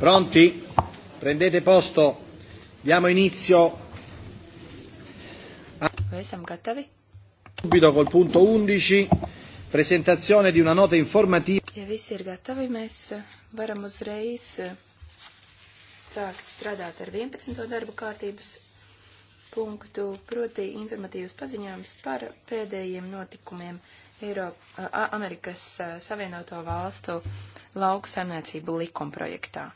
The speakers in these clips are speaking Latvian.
Pronti? Prendete posto. Diamo inizio. A... Vai siamo gattavi? Subito col punto 11, presentazione di una nota informativa. Ja visi ir gatavi, mēs varam uzreiz eh, sākt strādāt ar 11. darbu kārtības punktu, proti informatīvas paziņojums par pēdējiem notikumiem Eiropa, Amerikas eh, Savienoto valstu lauksaimniecību likumprojektā.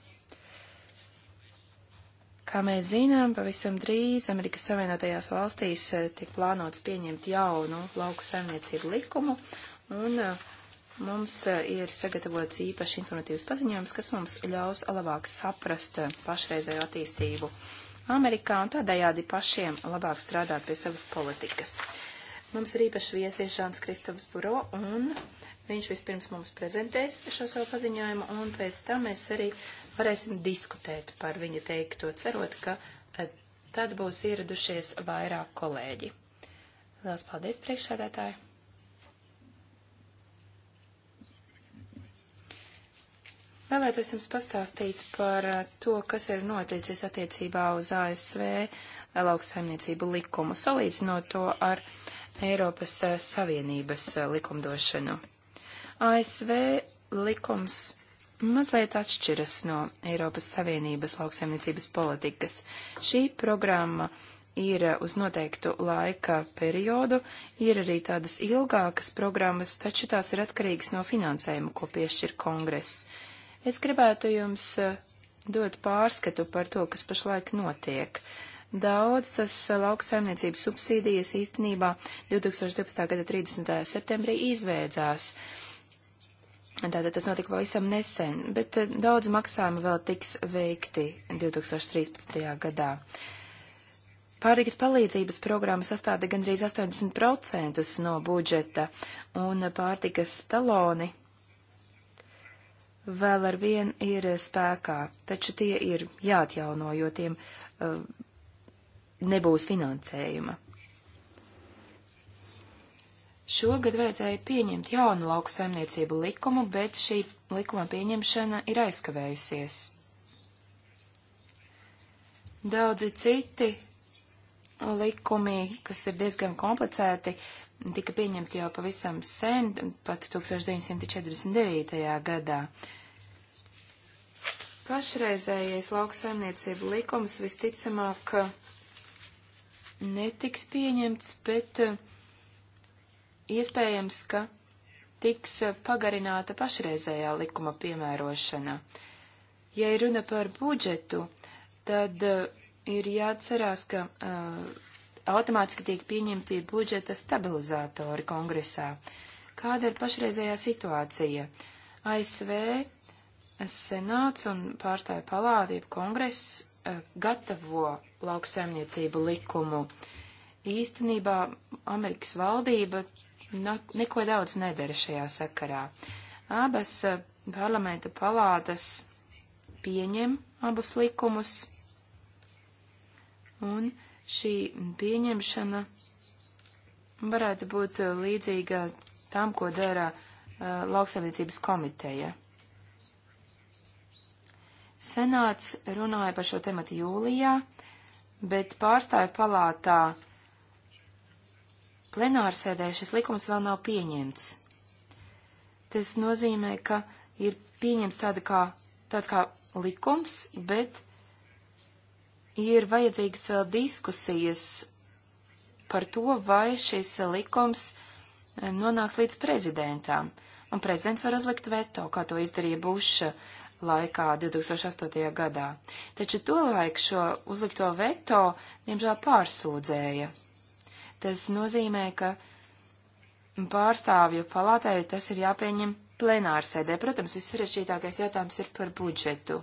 Kā mēs zinām, pavisam drīz Amerikas Savienotajās valstīs eh, tiek plānots pieņemt jaunu lauku saimniecību likumu, un eh, mums eh, ir sagatavots īpaši informatīvs paziņojums, kas mums ļaus labāk saprast pašreizēju attīstību Amerikā un tādējādi pašiem labāk strādāt pie savas politikas. Mums ir īpaši viesies Žāns Kristofs Buro, un viņš vispirms mums prezentēs šo savu paziņojumu, un pēc tam mēs arī varēsim diskutēt par viņa teikto, cerot, ka eh, tad būs ieradušies vairāk kolēģi. Lielas paldies, priekšsēdētāji! Vēlētos jums pastāstīt par eh, to, kas ir noticis attiecībā uz ASV eh, lauksaimniecību likumu, salīdzinot to ar Eiropas Savienības likumdošanu. ASV likums mazliet atšķiras no Eiropas Savienības lauksaimniecības politikas. Šī programma ir uz noteiktu laika periodu, ir arī tādas ilgākas programmas, taču tās ir atkarīgas no finansējuma, ko piešķir kongress. Es gribētu jums eh, dot pārskatu par to, kas pašlaik notiek. Daudzas eh, lauksaimniecības subsīdijas īstenībā 2012. gada 30. septembrī izvēdzās. Uh, Tātad tas notika pavisam nesen, bet eh, daudz maksājumu vēl tiks veikti 2013. gadā. Pārīgas palīdzības programma sastāda gandrīz 80% no budžeta, un pārtikas taloni vēl ar vien ir spēkā, taču tie ir jāatjauno, jo tiem uh, nebūs finansējuma. Šogad vajadzēja pieņemt jaunu lauku saimniecību likumu, bet šī likuma pieņemšana ir aizkavējusies. Daudzi citi likumi, kas ir diezgan komplicēti, tika pieņemti jau pavisam sen, pat 1949. gadā. Pašreizējais lauksaimniecību likums visticamāk netiks pieņemts, bet uh, Iespējams, ka tiks pagarināta pašreizējā likuma piemērošana. Ja ir runa par budžetu, tad uh, ir jāatcerās, ka uh, automātiski tiek pieņemti budžeta stabilizatori kongresā. Kāda ir pašreizējā situācija? ASV senāts un pārstāja palādība kongress uh, gatavo lauksaimniecību likumu. Īstenībā Amerikas valdība no, neko daudz nedara šajā sakarā. Abas eh, parlamenta palātas pieņem abus likumus, un šī pieņemšana varētu būt eh, līdzīga tam, ko dara uh, lauksaimniecības komiteja. Senāts runāja par šo tematu jūlijā, bet pārstāju palātā uh, plenārsēdē šis likums vēl nav pieņemts. Tas nozīmē, ka ir pieņemts tāda kā, tāds kā likums, bet ir vajadzīgas vēl diskusijas par to, vai šis likums eh, nonāks līdz prezidentām. Un prezidents var uzlikt veto, kā to izdarīja Buša laikā 2008. gadā. Taču tolaik šo uzlikto veto, diemžēl, pārsūdzēja Tas nozīmē, ka pārstāvju palātē tas ir jāpieņem plenārsēdē. Protams, vissarežģītākais jautājums ir par budžetu.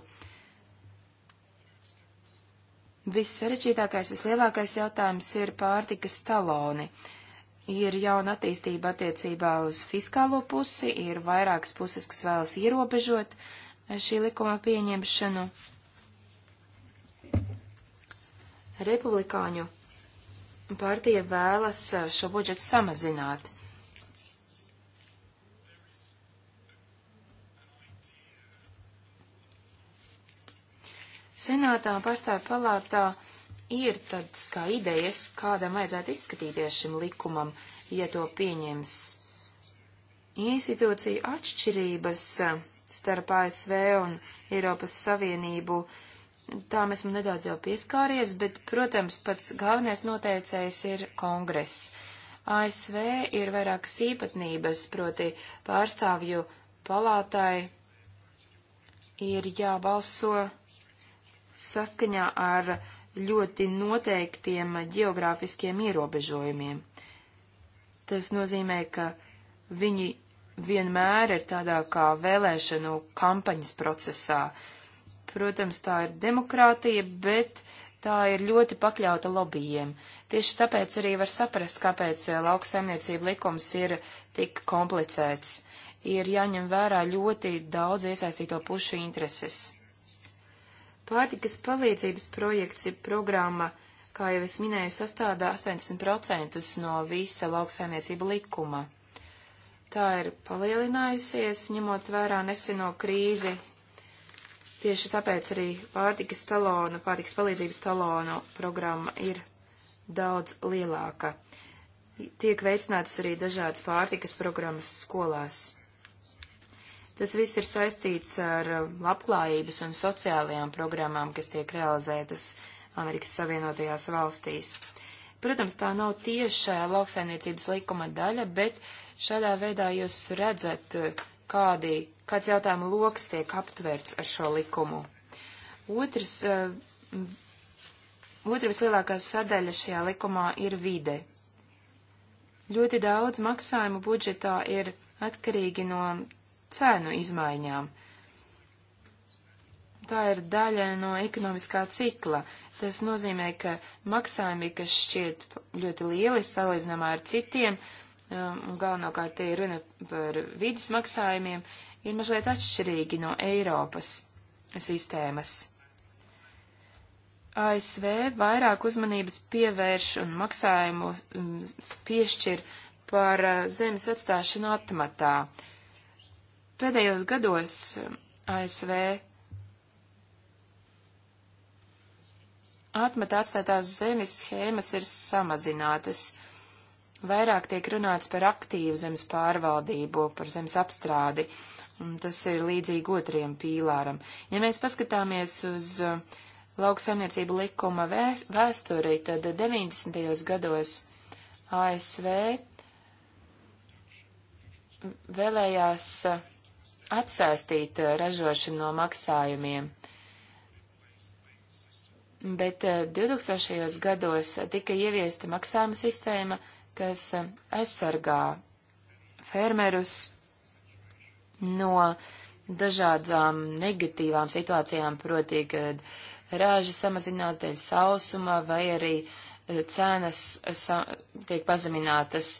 Vissarežģītākais, vislielākais jautājums ir pārtikas taloni. Ir jauna attīstība attiecībā uz fiskālo pusi, ir vairākas puses, kas vēlas ierobežot šī likuma pieņemšanu. Republikāņu partija vēlas eh, šo budžetu samazināt. Senātā un pastāv palātā ir tāds kā idejas, kādam vajadzētu izskatīties šim likumam, ja to pieņems. Institūcija atšķirības eh, starp ASV un Eiropas Savienību uh, tām esmu nedaudz jau pieskāries, bet, protams, pats galvenais noteicējs ir kongress. ASV ir vairākas īpatnības, proti pārstāvju palātai ir jābalso saskaņā ar ļoti noteiktiem geogrāfiskiem ierobežojumiem. Tas nozīmē, ka viņi vienmēr ir tādā kā vēlēšanu kampaņas procesā, uh, Protams, tā ir demokrātija, bet tā ir ļoti pakļauta lobbyiem. Tieši tāpēc arī var saprast, kāpēc eh, lauksaimniecība likums ir tik komplicēts. Ir jāņem vērā ļoti daudz iesaistīto pušu intereses. Pārtikas palīdzības projekts ir programma, kā jau es minēju, sastāda 80% no visa lauksaimniecība likuma. Tā ir palielinājusies, ņemot vērā neseno krīzi Tieši tāpēc arī pārtikas talonu, pārtikas palīdzības talonu programma ir daudz lielāka. Tiek veicinātas arī dažādas pārtikas programmas skolās. Tas viss ir saistīts ar um, labklājības un sociālajām programmām, kas tiek realizētas Amerikas Savienotajās valstīs. Protams, tā nav tieši lauksainiecības likuma daļa, bet šādā veidā jūs redzat uh, kādi, kāds jautājumu loks tiek aptverts ar šo likumu. Otrs, eh, otrs lielākā sadaļa šajā likumā ir vide. Ļoti daudz maksājumu budžetā ir atkarīgi no cēnu izmaiņām. Tā ir daļa no ekonomiskā cikla. Tas nozīmē, ka maksājumi, kas šķiet ļoti lieli salīdzinājumā ar citiem, uh, un um, galvenokārt te ir runa par vidas maksājumiem, ir mazliet atšķirīgi no Eiropas sistēmas. ASV vairāk uzmanības pievērš un maksājumu um, piešķir par uh, zemes atstāšanu atmatā. Pēdējos gados um, ASV atmatā atstātās zemes schēmas ir samazinātas. Vairāk tiek runāts par aktīvu zemes pārvaldību, par zemes apstrādi, un tas ir līdzīgi otriem pīlāram. Ja mēs paskatāmies uz uh, lauksaimniecību likuma vēsturī, tad 90. gados ASV vēlējās uh, atsāstīt uh, ražošanu no maksājumiem. Bet 2000. gados tika ieviesta maksājuma sistēma, kas aizsargā fermerus no dažādām negatīvām situācijām, proti, kad rāža samazinās dēļ sausuma vai arī eh, cenas tiek pazeminātas.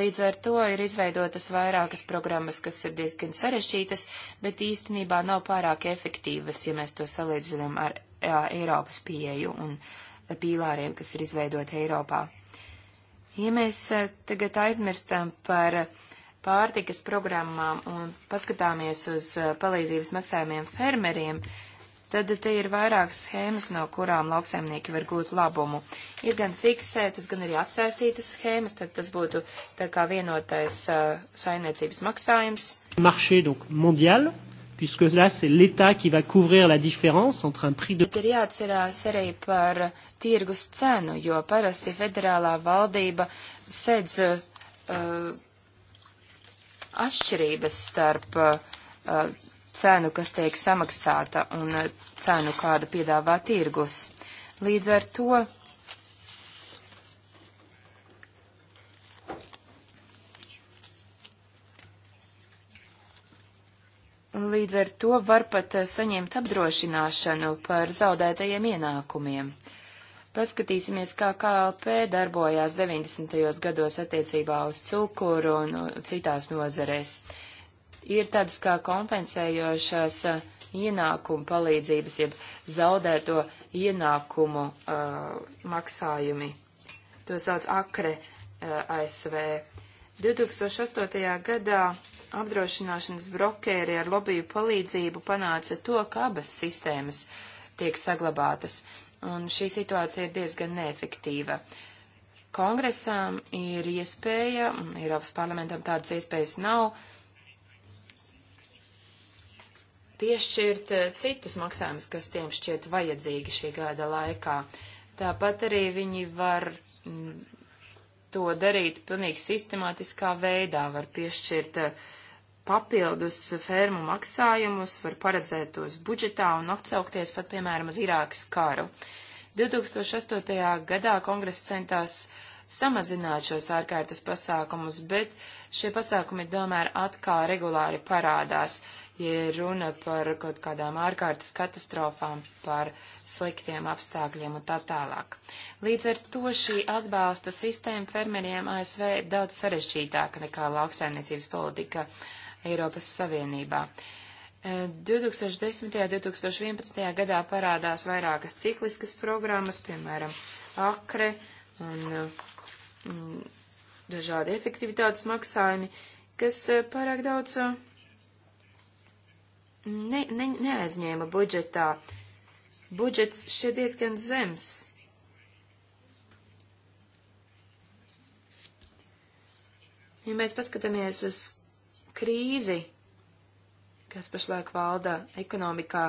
Līdz ar to ir izveidotas vairākas programmas, kas ir diezgan sarežģītas, bet īstenībā nav pārāk efektīvas, ja mēs to salīdzinām ar jā, Eiropas pieeju un eh, pīlāriem, kas ir izveidoti Eiropā. Ja mēs eh, tagad aizmirstam par eh, pārtikas programmām un paskatāmies uz eh, palīdzības maksājumiem fermeriem, tad te ir vairākas schēmas, no kurām lauksaimnieki var gūt labumu. Ir gan fiksētas, gan arī atsaistītas schēmas, tad tas būtu tā kā vienotais uh, saimniecības maksājums. Marché, donc, mondial puisque là, c'est l'État qui va couvrir la différence entre un prix de. Ir jāatcerās arī par tirgus cenu, jo parasti federālā valdība sedz uh, atšķirības starp uh, cenu, kas tiek samaksāta, un eh, cenu, kāda piedāvā tirgus. Līdz ar to Līdz ar to var pat eh, saņemt apdrošināšanu par zaudētajiem ienākumiem. Paskatīsimies, kā KLP darbojās 90. gados attiecībā uz cukuru un uh, citās nozarēs. Ir tādas kā kompensējošās eh, ienākumu palīdzības, jeb zaudēto ienākumu uh, maksājumi. To sauc akre uh, ASV. 2008. gadā apdrošināšanas brokeri ar lobiju palīdzību panāca to, ka abas sistēmas tiek saglabātas, un šī situācija ir diezgan neefektīva. Kongresām ir iespēja, un Eiropas parlamentam tādas iespējas nav, piešķirt eh, citus maksājumus, kas tiem šķiet vajadzīgi šī gada laikā. Tāpat arī viņi var mm, to darīt pilnīgi sistemātiskā veidā, var piešķirt uh, papildus fermu maksājumus, var paredzēt tos budžetā un atsaukties pat, piemēram, uz Irākas karu. 2008. gadā kongress centās samazināt šos ārkārtas pasākumus, bet šie pasākumi tomēr atkal regulāri parādās, ja runa par kaut kādām ārkārtas katastrofām, par sliktiem apstākļiem un tā tālāk. Līdz ar to šī atbalsta sistēma fermeriem ASV ir daudz sarežģītāka nekā lauksaimniecības politika Eiropas Savienībā. 2010. un 2011. gadā parādās vairākas cikliskas programmas, piemēram, akre un mm, dažādi efektivitātes maksājumi, kas e, pārāk daudz e, ne, ne, neaizņēma budžetā. Budžets šeit diezgan zems. Ja mēs paskatāmies uz krīzi, kas pašlaik valda ekonomikā,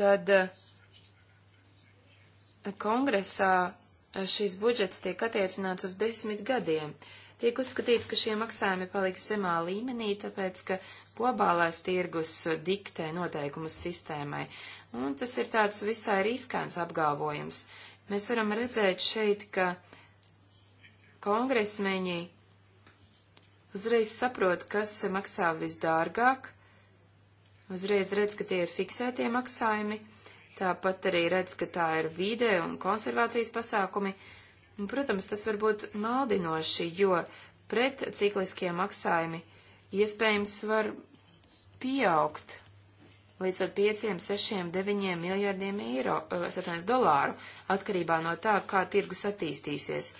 tad eh, kongresā eh, šis budžets tiek attiecināts uz desmit gadiem. Tiek uzskatīts, ka šie maksājumi paliks zemā līmenī, tāpēc, ka globālais tirgus diktē noteikumus sistēmai. Un tas ir tāds visai riskants apgalvojums. Mēs varam redzēt šeit, ka kongresmeņi uzreiz saprot, kas maksā visdārgāk, uzreiz redz, ka tie ir fiksētie maksājumi, tāpat arī redz, ka tā ir vide un konservācijas pasākumi. Un, protams, tas var būt maldinoši, jo pret cikliskie maksājumi iespējams var pieaugt līdz pat 5, 6, 9 miljardiem eiro, satanies eh, dolāru, atkarībā no tā, kā tirgus attīstīsies.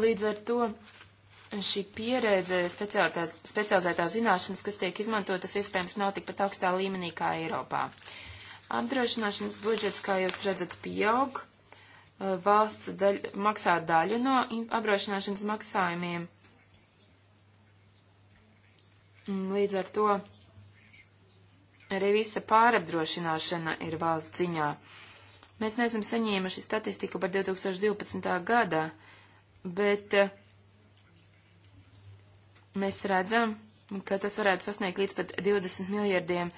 Līdz ar to šī pieredze, specializētā zināšanas, kas tiek izmantotas, iespējams, nav tikpat augstā līmenī kā Eiropā. Apdrošināšanas budžets, kā jūs redzat, pieaug. Valsts daļ, maksā daļu no apdrošināšanas maksājumiem. Līdz ar to arī visa pārapdrošināšana ir valsts ziņā. Mēs neesam saņēmuši statistiku par 2012. gadā, bet uh, mēs redzam, ka tas varētu sasniegt līdz pat 20 miljardiem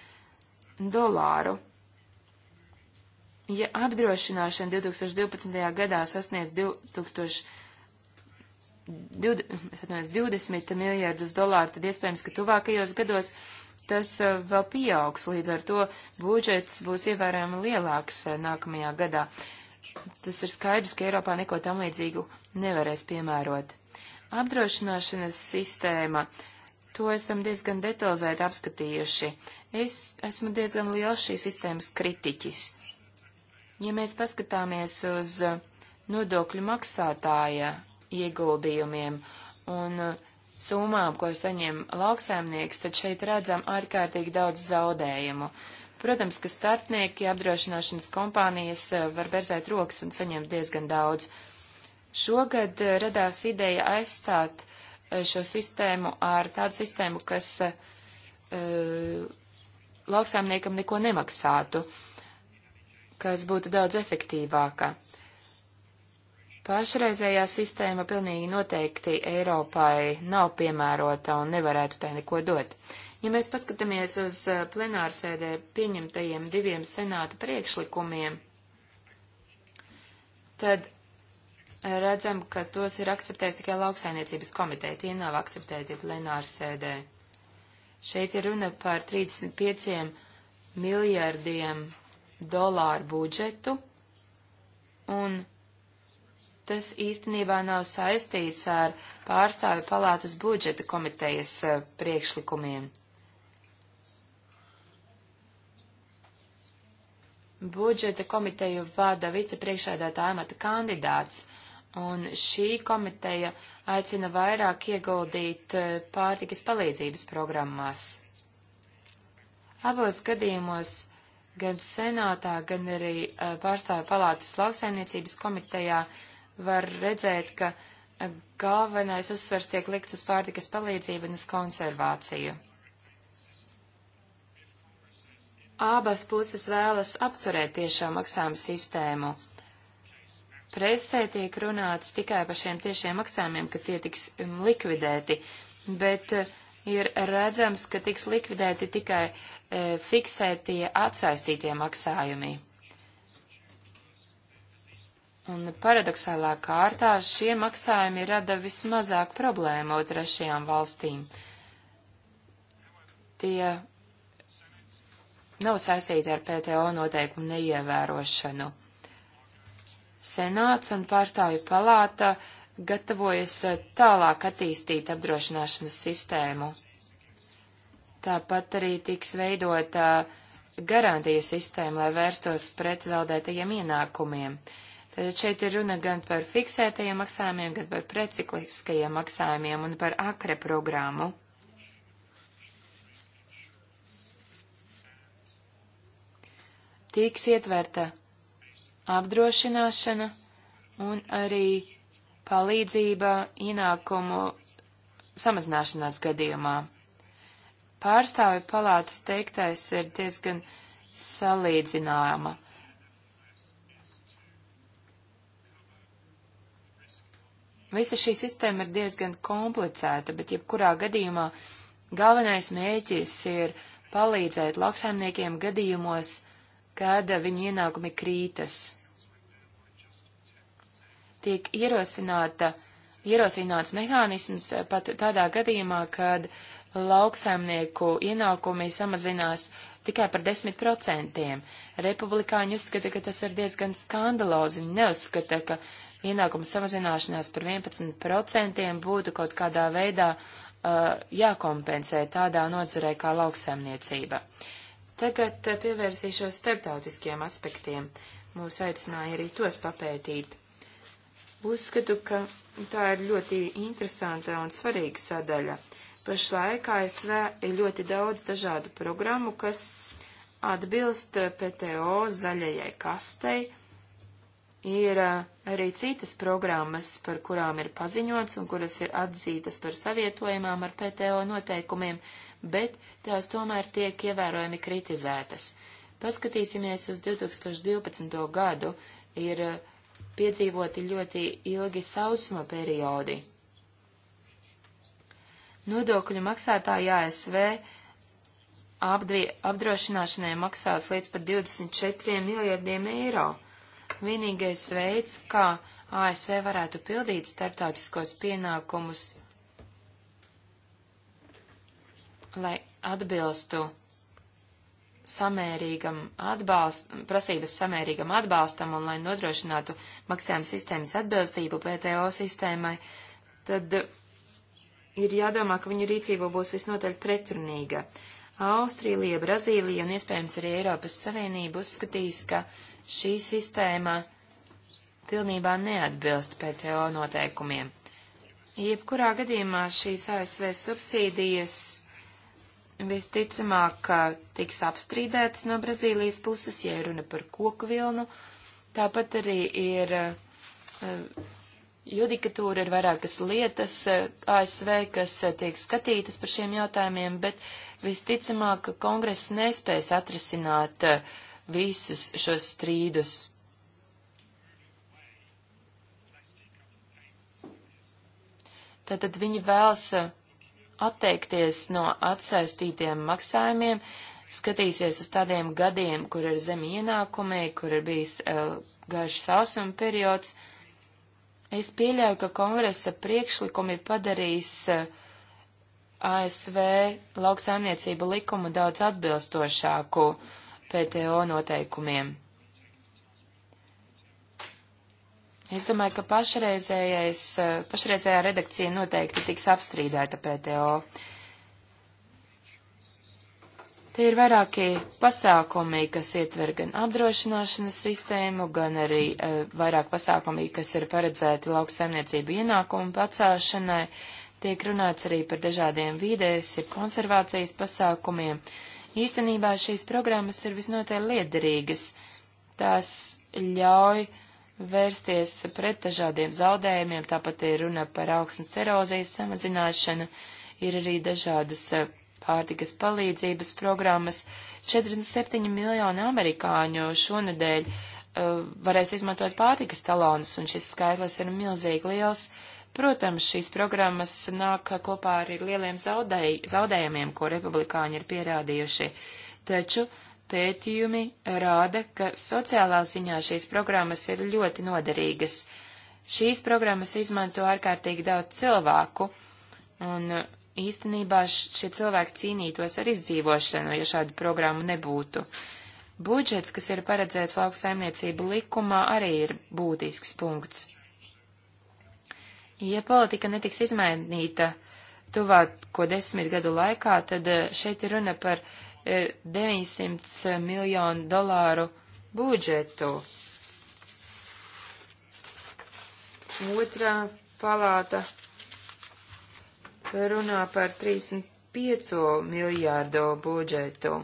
dolāru. Ja apdrošināšana 2012. gadā sasniedz 2000, 20 miljardus dolāru, tad iespējams, ka tuvākajos gados tas eh, vēl pieaugs, līdz ar to budžets būs ievērojami lielāks eh, nākamajā gadā. Tas ir skaidrs, ka Eiropā neko tam līdzīgu nevarēs piemērot. Apdrošināšanas sistēma. To esam diezgan detalizēti apskatījuši. Es esmu diezgan liels šīs sistēmas kritiķis. Ja mēs paskatāmies uz nodokļu maksātāja ieguldījumiem un summām, ko saņem lauksaimnieks, tad šeit redzam ārkārtīgi daudz zaudējumu. Protams, ka starpnieki apdrošināšanas kompānijas var berzēt rokas un saņemt diezgan daudz, Šogad eh, radās ideja aizstāt eh, šo sistēmu ar tādu sistēmu, kas uh, eh, lauksāmniekam neko nemaksātu, kas būtu daudz efektīvāka. Pašreizējā sistēma pilnīgi noteikti Eiropai nav piemērota un nevarētu tai neko dot. Ja mēs paskatāmies uz plenārsēdē pieņemtajiem diviem senāta priekšlikumiem, tad redzam, ka tos ir akceptējis tikai lauksainiecības komiteja, tie nav akceptēti plenāru sēdē. Šeit ir runa par 35 miljardiem dolāru budžetu, un tas īstenībā nav saistīts ar pārstāvi palātas budžeta komitejas eh, priekšlikumiem. Budžeta komiteju vada vicepriekšēdētā amata kandidāts un šī komiteja aicina vairāk ieguldīt eh, pārtikas palīdzības programmās. Abos gadījumos gan senātā, gan arī eh, pārstāvju palātas lauksaimniecības komitejā var redzēt, ka eh, galvenais uzsvars tiek likts uz pārtikas palīdzību un uz konservāciju. Abas puses vēlas apturēt tiešām maksājumu sistēmu, Presē tiek runāts tikai par šiem tiešiem maksājumiem, ka tie tiks um, likvidēti, bet uh, ir redzams, ka tiks likvidēti tikai e, fiksētie atsaistītie maksājumi. Un paradoxālā kārtā šie maksājumi rada vismazāk problēmu trešajām valstīm. Tie nav saistīti ar PTO noteikumu neievērošanu senāts un pārstāvju palāta gatavojas eh, tālāk attīstīt apdrošināšanas sistēmu. Tāpat arī tiks veidota garantija sistēma, lai vērstos pret zaudētajiem ienākumiem. Tad šeit ir runa gan par fiksētajiem maksājumiem, gan par precikliskajiem maksājumiem un par akre programmu. Tiks ietverta apdrošināšana un arī palīdzība ienākumu samazināšanās gadījumā. Pārstāvi palātas teiktais ir diezgan salīdzināma. Visa šī sistēma ir diezgan komplicēta, bet jebkurā gadījumā galvenais mēķis ir palīdzēt lauksaimniekiem gadījumos, kad viņu ienākumi krītas. Tiek ierosināta, ierosināts mehānisms pat tādā gadījumā, kad lauksaimnieku ienākumi samazinās tikai par 10%. Republikāņi uzskata, ka tas ir diezgan skandalozi. Viņi neuzskata, ka ienākumu samazināšanās par 11% būtu kaut kādā veidā uh, jākompensē tādā nozarē kā lauksaimniecība. Uh, Tagad eh, pievērsīšos starptautiskiem aspektiem. Mūs aicināja arī tos papētīt. Uzskatu, ka tā ir ļoti interesanta un svarīga sadaļa. Pašlaik ASV ir ļoti daudz dažādu programmu, kas atbilst eh, PTO zaļajai kastei. Ir eh, arī citas programmas, par kurām ir paziņots un kuras ir atzītas par savietojumām ar PTO noteikumiem, bet tās tomēr tiek ievērojami kritizētas. Paskatīsimies uz 2012. gadu, ir piedzīvoti ļoti ilgi sausuma periodi. Nodokļu maksātāji ASV apdvi, apdrošināšanai maksās līdz pat 24 miljardiem eiro. Vienīgais veids, kā ASV varētu pildīt starptautiskos pienākumus, lai atbilstu samērīgam atbalstam, prasības samērīgam atbalstam un lai nodrošinātu maksājuma sistēmas atbilstību PTO sistēmai, tad ir jādomā, ka viņu rīcība būs visnotaļ pretrunīga. Austrīlija, Brazīlija un iespējams arī Eiropas Savienība uzskatīs, ka šī sistēma pilnībā neatbilst PTO noteikumiem. Jebkurā gadījumā šīs ASV subsīdijas visticamāk tiks apstrīdētas no Brazīlijas puses, ja runa par koku vilnu. Tāpat arī ir eh, judikatūra, ir vairākas lietas eh, ASV, kas eh, tiek skatītas par šiem jautājumiem, bet visticamāk kongress nespēs atrisināt visus šos strīdus. Tātad viņi vēlas uh, atteikties no atsaistītiem maksājumiem, skatīsies uz tādiem gadiem, kur ir zemi ienākumi, kur ir bijis uh, eh, gaišs sausuma periods. Es pieļauju, ka kongresa priekšlikumi padarīs uh, eh, ASV lauksaimniecību likumu daudz atbilstošāku PTO noteikumiem. Es domāju, ka pašreizējais, eh, pašreizējā redakcija noteikti tiks apstrīdēta PTO. Tie ir vairāki pasākumi, kas ietver gan apdrošināšanas sistēmu, gan arī e, vairāk pasākumi, kas ir paredzēti lauksaimniecību ienākumu pacāšanai. Tiek runāts arī par dažādiem vīdēs, ir konservācijas pasākumiem. Īstenībā šīs programmas ir visnotaļ liederīgas. Tās ļauj uh, vērsties pret dažādiem zaudējumiem, tāpat ir runa par augsnes erozijas samazināšanu, ir arī dažādas eh, pārtikas palīdzības programmas. 47 miljoni amerikāņu šonadēļ uh, varēs izmantot pārtikas talonus, un šis skaitlis ir milzīgi liels. Protams, šīs programmas nāk kopā ar lieliem zaudēj, zaudējumiem, ko republikāņi ir pierādījuši, taču uh, Pētījumi rāda, ka sociālā ziņā šīs programmas ir ļoti noderīgas. Šīs programmas izmanto ārkārtīgi daudz cilvēku, un uh, īstenībā šie cilvēki cīnītos ar izdzīvošanu, ja šādu programmu nebūtu. Budžets, kas ir paredzēts lauksaimniecību likumā, arī ir būtisks punkts. Ja politika netiks izmainīta tuvāko desmit gadu laikā, tad uh, šeit ir runa par 900 miljonu dolāru budžetu. Otrā palāta runā par 35 miljārdu budžetu.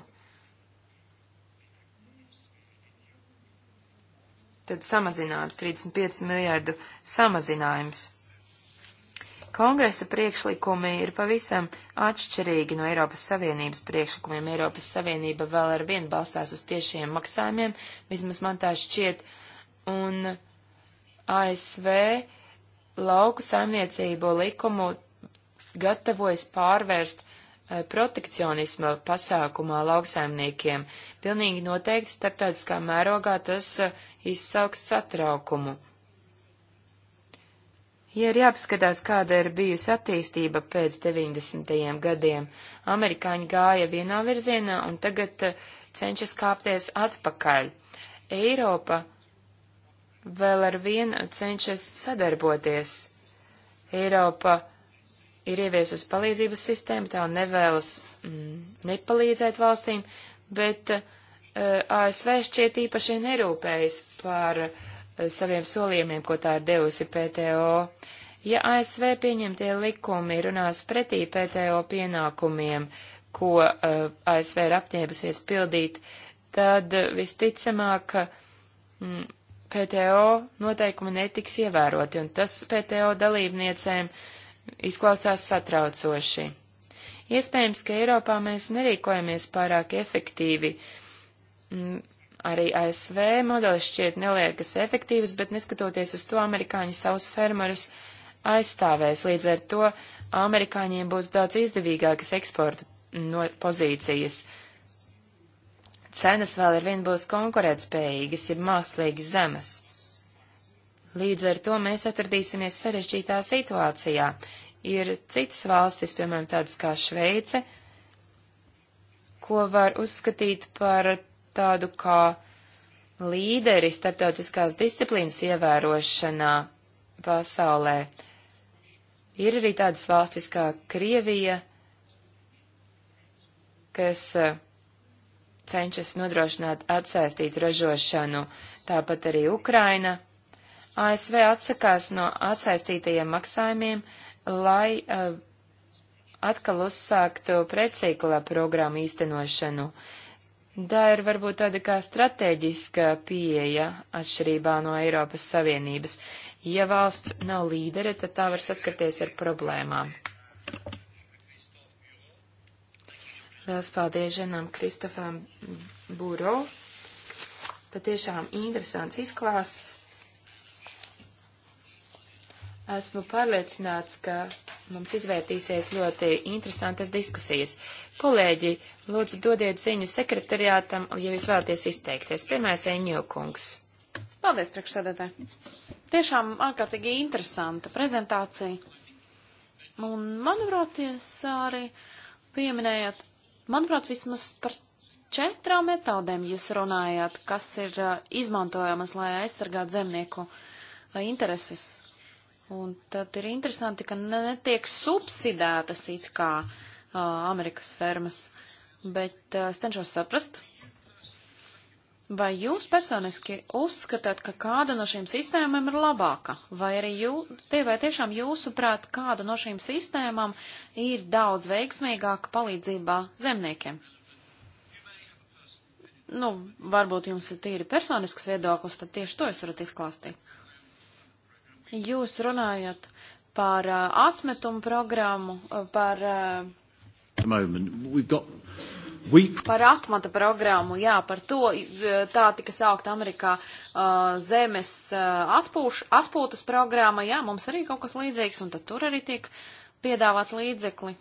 Tad samazinājums, 35 miljārdu samazinājums. Kongresa priekšlikumi ir pavisam atšķirīgi no Eiropas Savienības priekšlikumiem. Eiropas Savienība vēl ar vienu balstās uz tiešiem maksājumiem, vismaz man tā šķiet, un ASV lauku saimniecību likumu gatavojas pārvērst eh, protekcionisma pasākumā lauksaimniekiem. Pilnīgi noteikti starptautiskā mērogā tas eh, izsauks satraukumu. Ja ir jāpaskatās, kāda ir bijusi attīstība pēc 90. gadiem, amerikāņi gāja vienā virzienā un tagad eh, cenšas kāpties atpakaļ. Eiropa vēl ar vienu cenšas sadarboties. Eiropa ir ieviesusi palīdzības sistēmu, tā nevēlas mm, nepalīdzēt valstīm, bet uh, eh, ASV šķiet īpaši nerūpējas par uh, saviem solījumiem, ko tā ir devusi PTO. Ja ASV pieņemtie likumi runās pretī PTO pienākumiem, ko uh, eh, ASV ir apņēmusies pildīt, tad visticamāk mm, PTO noteikumi netiks ievēroti, un tas PTO dalībniecēm izklausās satraucoši. Iespējams, ka Eiropā mēs nerīkojamies pārāk efektīvi. Mm, Arī ASV modelis šķiet neliekas efektīvs, bet neskatoties uz to, amerikāņi savus fermerus aizstāvēs. Līdz ar to amerikāņiem būs daudz izdevīgākas eksporta no pozīcijas. Cenas vēl ar vienu būs konkurētspējīgas, ja mākslīgi zemes. Līdz ar to mēs atradīsimies sarežģītā situācijā. Ir citas valstis, piemēram, tādas kā Šveice, ko var uzskatīt par tādu kā līderi starptautiskās disciplīnas ievērošanā pasaulē. Ir arī tādas valstis kā Krievija, kas eh, cenšas nodrošināt atsaistīt ražošanu, tāpat arī Ukraina. ASV atsakās no atsaistītajiem maksājumiem, lai uh, atkal uzsāktu precīklā programmu īstenošanu. Uh, Tā ir varbūt tāda kā strateģiska pieeja atšķirībā no Eiropas Savienības. Ja valsts nav līdere, tad tā var saskarties ar problēmām. Lielas paldies ženām Kristofam Buro. Patiešām interesants izklāsts. Esmu pārliecināts, ka mums izvērtīsies ļoti interesantas diskusijas. Kolēģi, lūdzu dodiet ziņu sekretariātam, ja jūs vēlaties izteikties. Pirmais Eņokungs. Paldies, priekšsēdētāji. Tiešām ārkārtīgi interesanta prezentācija. Un, manuprāt, jūs arī pieminējāt, manuprāt, vismaz par četrām metodēm jūs runājāt, kas ir uh, izmantojamas, lai aizsargātu zemnieku uh, intereses. Un tad ir interesanti, ka netiek subsidētas it kā uh, Amerikas fermas, bet uh, es cenšos saprast, vai jūs personiski uzskatāt, ka kāda no šīm sistēmām ir labāka, vai arī jū, tie vai tiešām jūsuprāt, kāda no šīm sistēmām ir daudz veiksmīgāka palīdzībā zemniekiem? Nu, varbūt jums ir tīri personisks viedoklis, tad tieši to jūs varat izklāstīt. Jūs runājat par uh, atmetumu programmu, uh, par. Uh, got... We... Par atmata programmu, jā, par to uh, tā tika saukta Amerikā uh, zemes uh, atpūš, atpūtas programma, jā, mums arī kaut kas līdzīgs, un tad tur arī tiek piedāvāt līdzekli.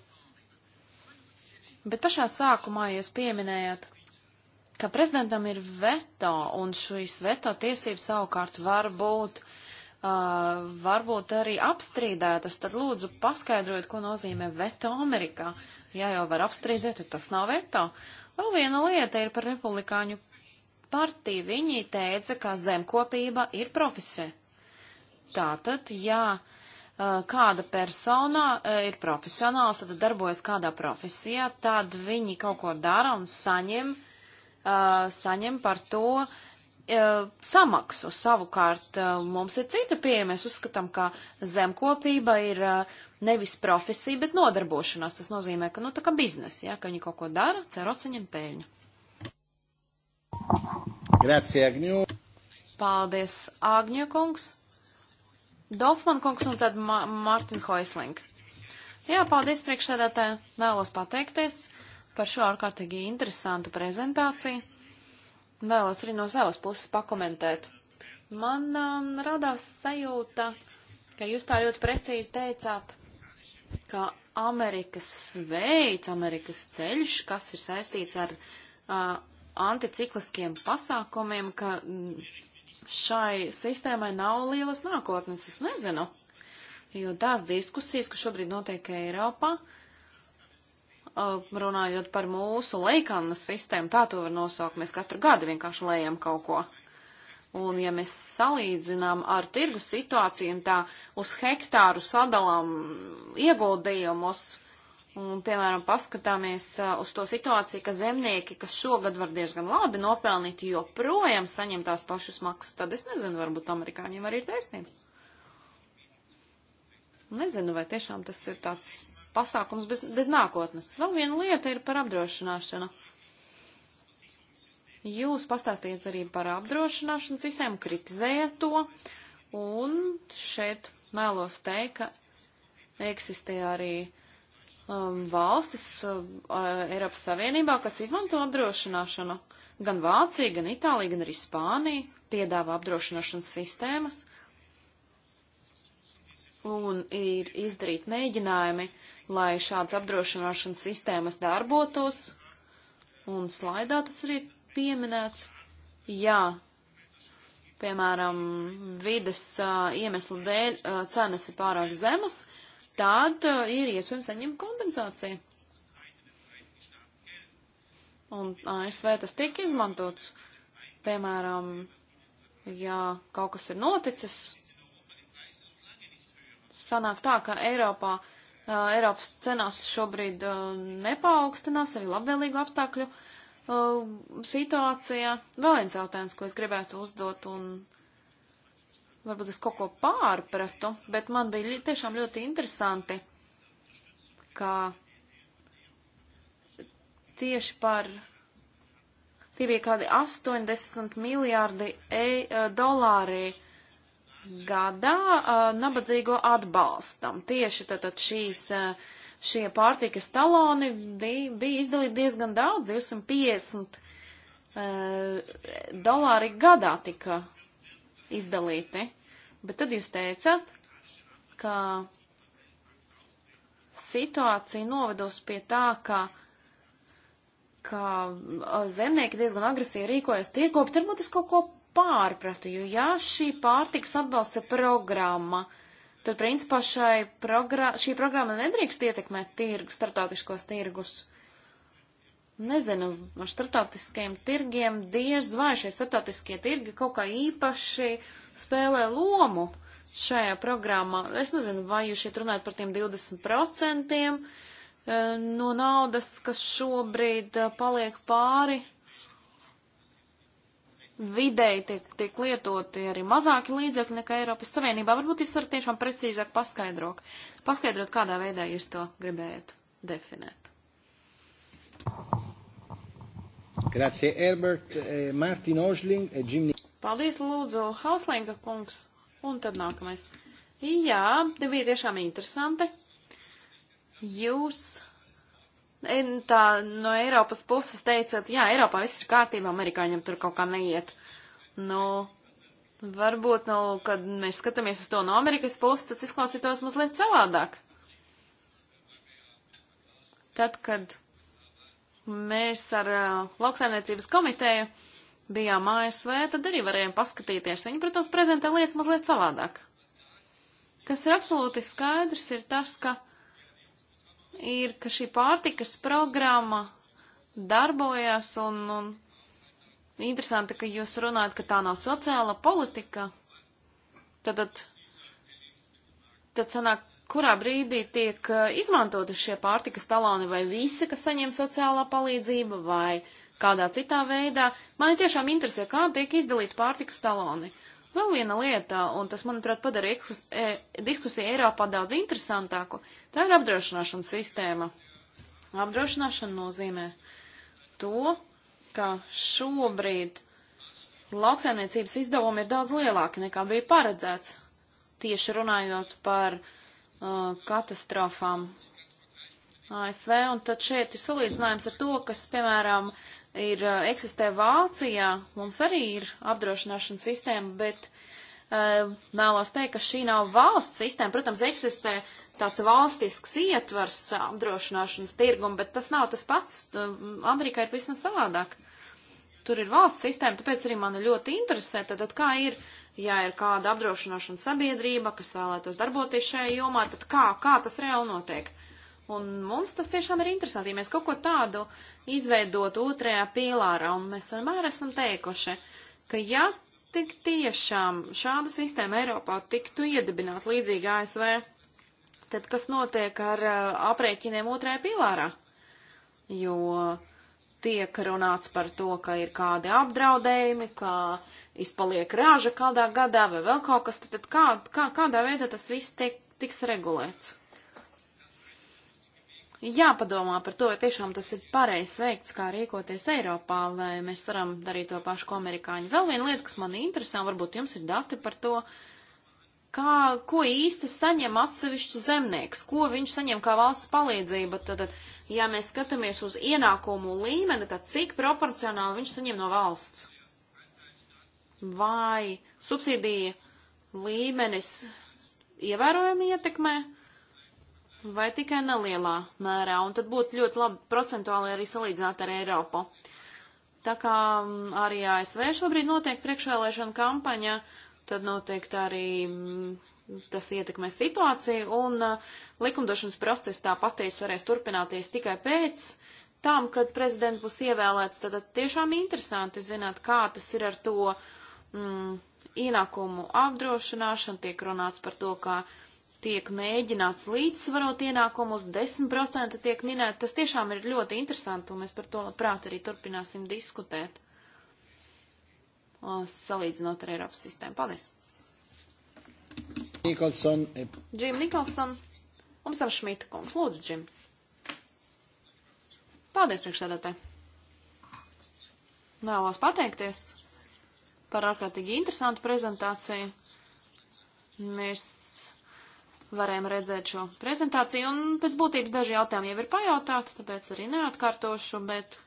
Bet pašā sākumā jūs pieminējat, ka prezidentam ir veto, un šīs veto tiesības savukārt var būt uh, uh, varbūt arī apstrīdētas, tad lūdzu paskaidrojiet, ko nozīmē veto Amerikā. Ja jau var apstrīdēt, tad tas nav veto. Vēl viena lieta ir par republikāņu partiju. Viņi teica, ka zemkopība ir profesija. Tātad, ja uh, kāda persona uh, ir profesionāls, tad darbojas kādā profesijā, tad viņi kaut ko dara un saņem, uh, saņem par to uh, Eh, samaksu. Savukārt eh, mums ir cita pieeja. Mēs uzskatām, ka zemkopība ir eh, nevis profesija, bet nodarbošanās. Tas nozīmē, ka, nu, tā kā biznesa, ja, ka viņi kaut ko dara, cerot saņem pēļņu. Grazie, Agņu. Paldies, Agņu kungs. Dolfman kungs un tad Ma Martin Hoisling. Jā, paldies priekšsēdētāji. Vēlos pateikties par šo ārkārtīgi interesantu prezentāciju vēlos arī no savas puses pakomentēt. Man um, radās sajūta, ka jūs tā ļoti precīzi teicāt, ka Amerikas veids, Amerikas ceļš, kas ir saistīts ar uh, anticikliskiem pasākumiem, ka mm, šai sistēmai nav lielas nākotnes, es nezinu. Jo tās diskusijas, kas šobrīd notiek Eiropā, uh, Uh, runājot par mūsu lejkānas sistēmu, tā to var nosaukt, mēs katru gadu vienkārši lejam kaut ko. Un ja mēs salīdzinām ar tirgus situāciju un tā uz hektāru sadalām ieguldījumus, un, piemēram, paskatāmies uh, uz to situāciju, ka zemnieki, kas šogad var diezgan labi nopelnīt, joprojām saņem tās pašas maksas, tad es nezinu, varbūt amerikāņiem arī ir taisnība. Nezinu, vai tiešām tas ir tāds pasākums bez, bez nākotnes. Vēl viena lieta ir par apdrošināšanu. Jūs pastāstījāt arī par apdrošināšanas sistēmu, kritizējat to, un šeit vēlos teikt, ka eksistē arī um, valstis uh, Eiropas Savienībā, kas izmanto apdrošināšanu. Gan Vācija, gan Itālija, gan arī Spānija piedāvā apdrošināšanas sistēmas, un ir izdarīt mēģinājumi, lai šāds apdrošināšanas sistēmas darbotos, un slaidā tas arī pieminēts. Jā, piemēram, vidas uh, iemeslu dēļ uh, cenas ir pārāk zemas, tad uh, ir iespējams saņemt kompensāciju. Un ASV tas tiek izmantots, piemēram, ja kaut kas ir noticis, sanāk tā, ka Eiropā, Eiropas cenās šobrīd nepaaugstinās arī labvēlīgu apstākļu situācijā. Vēl viens jautājums, ko es gribētu uzdot, un varbūt es kaut ko pārpratu, bet man bija tiešām ļoti interesanti, ka tieši par tie bija kādi 80 miljārdi e, dolāri uh, gadā uh, nabadzīgo atbalstam. Tieši tātad šīs, uh, šie pārtikas taloni bija, bija izdalīti diezgan daudz, 250 uh, dolāri gadā tika izdalīti. Bet tad jūs teicat, ka situācija novedos pie tā, ka, ka zemnieki diezgan agresīvi rīkojas tirgo, bet varbūt es kaut ko pārpratu, jo ja šī pārtiks atbalsta programma, tad principā šai progrā šī programma nedrīkst ietekmēt tirgu, starptautiskos tirgus. Nezinu, ar starptautiskiem tirgiem diez vai šie starptautiskie tirgi kaut kā īpaši spēlē lomu šajā programmā. Es nezinu, vai jūs šeit runājat par tiem 20% eh, no naudas, kas šobrīd eh, paliek pāri vidēji tiek, tiek lietoti arī mazāki līdzekļi nekā Eiropas Savienībā. Varbūt jūs varat tiešām precīzāk paskaidrot, paskaidrot, kādā veidā jūs to gribējat definēt. Grazie, Herbert, eh, Martin Ožling, eh, Jimmy. Paldies, lūdzu, Hauslinga kungs. Un tad nākamais. Jā, te bija tiešām interesanti. Jūs tā no Eiropas puses teicāt, jā, Eiropā viss ir kārtībā, amerikāņiem tur kaut kā neiet. Nu, varbūt, nu, kad mēs skatāmies uz to no Amerikas puses, tas izklausītos mazliet savādāk. Tad, kad mēs ar uh, lauksaimniecības komiteju bijām ASV, tad arī varējām paskatīties. Viņi, protams, prezentē lietas mazliet savādāk. Kas ir absolūti skaidrs, ir tas, ka ir, ka šī pārtikas programma darbojas un, un interesanti, ka jūs runājat, ka tā nav sociāla politika. Tad, tad, tad sanāk, kurā brīdī tiek uh, izmantoti šie pārtikas taloni vai visi, kas saņem sociālā palīdzība vai kādā citā veidā. Mani tiešām interesē, kā tiek izdalīti pārtikas taloni. Uh, Vēl viena lieta, un tas, manuprāt, padara e, diskusiju Eiropā daudz interesantāku, tā ir apdrošināšanas sistēma. Apdrošināšana nozīmē to, ka šobrīd lauksaimniecības izdevumi ir daudz lielāki nekā bija paredzēts, tieši runājot par uh, katastrofām ASV, un tad šeit ir salīdzinājums ar to, kas, piemēram, ir eh, eksistē Vācijā, mums arī ir apdrošināšanas sistēma, bet uh, vēlos teikt, ka šī nav valsts sistēma. Protams, eksistē tāds valstisks ietvars apdrošināšanas tirgumu, bet tas nav tas pats. Eh, Amerikā ir pavisam savādāk. Tur ir valsts sistēma, tāpēc arī mani ļoti interesē, tad, tad kā ir, ja ir kāda apdrošināšanas sabiedrība, kas vēlētos darboties šajā jomā, tad kā, kā tas reāli notiek. Un mums tas tiešām ir interesanti, ja mēs kaut ko tādu izveidotu otrajā pīlārā, un mēs vienmēr esam teikuši, ka ja tik tiešām šāda sistēma Eiropā tiktu iedibināt līdzīgi ASV, tad kas notiek ar uh, aprēķiniem otrajā pīlārā? Jo tiek runāts par to, ka ir kādi apdraudējumi, ka izpaliek rāža kādā gadā vai vēl kaut kas, tad kā, kā, kādā veidā tas viss tiek, tiks regulēts jāpadomā par to, vai tiešām tas ir pareizs veikts, kā rīkoties Eiropā, vai mēs varam darīt to pašu, ko amerikāņi. Vēl viena lieta, kas man interesē, varbūt jums ir dati par to, kā, ko īsti saņem atsevišķi zemnieks, ko viņš saņem kā valsts palīdzība. Tad, ja mēs skatāmies uz ienākumu līmeni, tad cik proporcionāli viņš saņem no valsts? Vai subsīdija līmenis ievērojami ietekmē? vai tikai nelielā mērā, un tad būtu ļoti labi procentuāli arī salīdzināt ar Eiropu. Tā kā mm, arī ASV šobrīd notiek priekšvēlēšana kampaņa, tad noteikti arī mm, tas ietekmē situāciju, un uh, likumdošanas process tā patiesi varēs turpināties tikai pēc tam, kad prezidents būs ievēlēts. Tad tiešām interesanti zināt, kā tas ir ar to mm, ienākumu apdrošināšanu. Tiek runāts par to, kā uh, tiek mēģināts līdzsvarot ienākumus, 10% tiek minēta. Tas tiešām ir ļoti interesanti, un mēs par to labprāt arī turpināsim diskutēt, o, uh, salīdzinot ar Eiropas sistēmu. Paldies! Nikolson. Džim e- Nikolson. Un Sam Šmita kungs. Lūdzu, Džim. Paldies, priekšsēdētāji. Vēlos pateikties par ārkārtīgi interesantu prezentāciju. Mēs varējām redzēt šo prezentāciju, un pēc būtības daži jautājumi jau ir pajautāti, tāpēc arī neatkārtošu, bet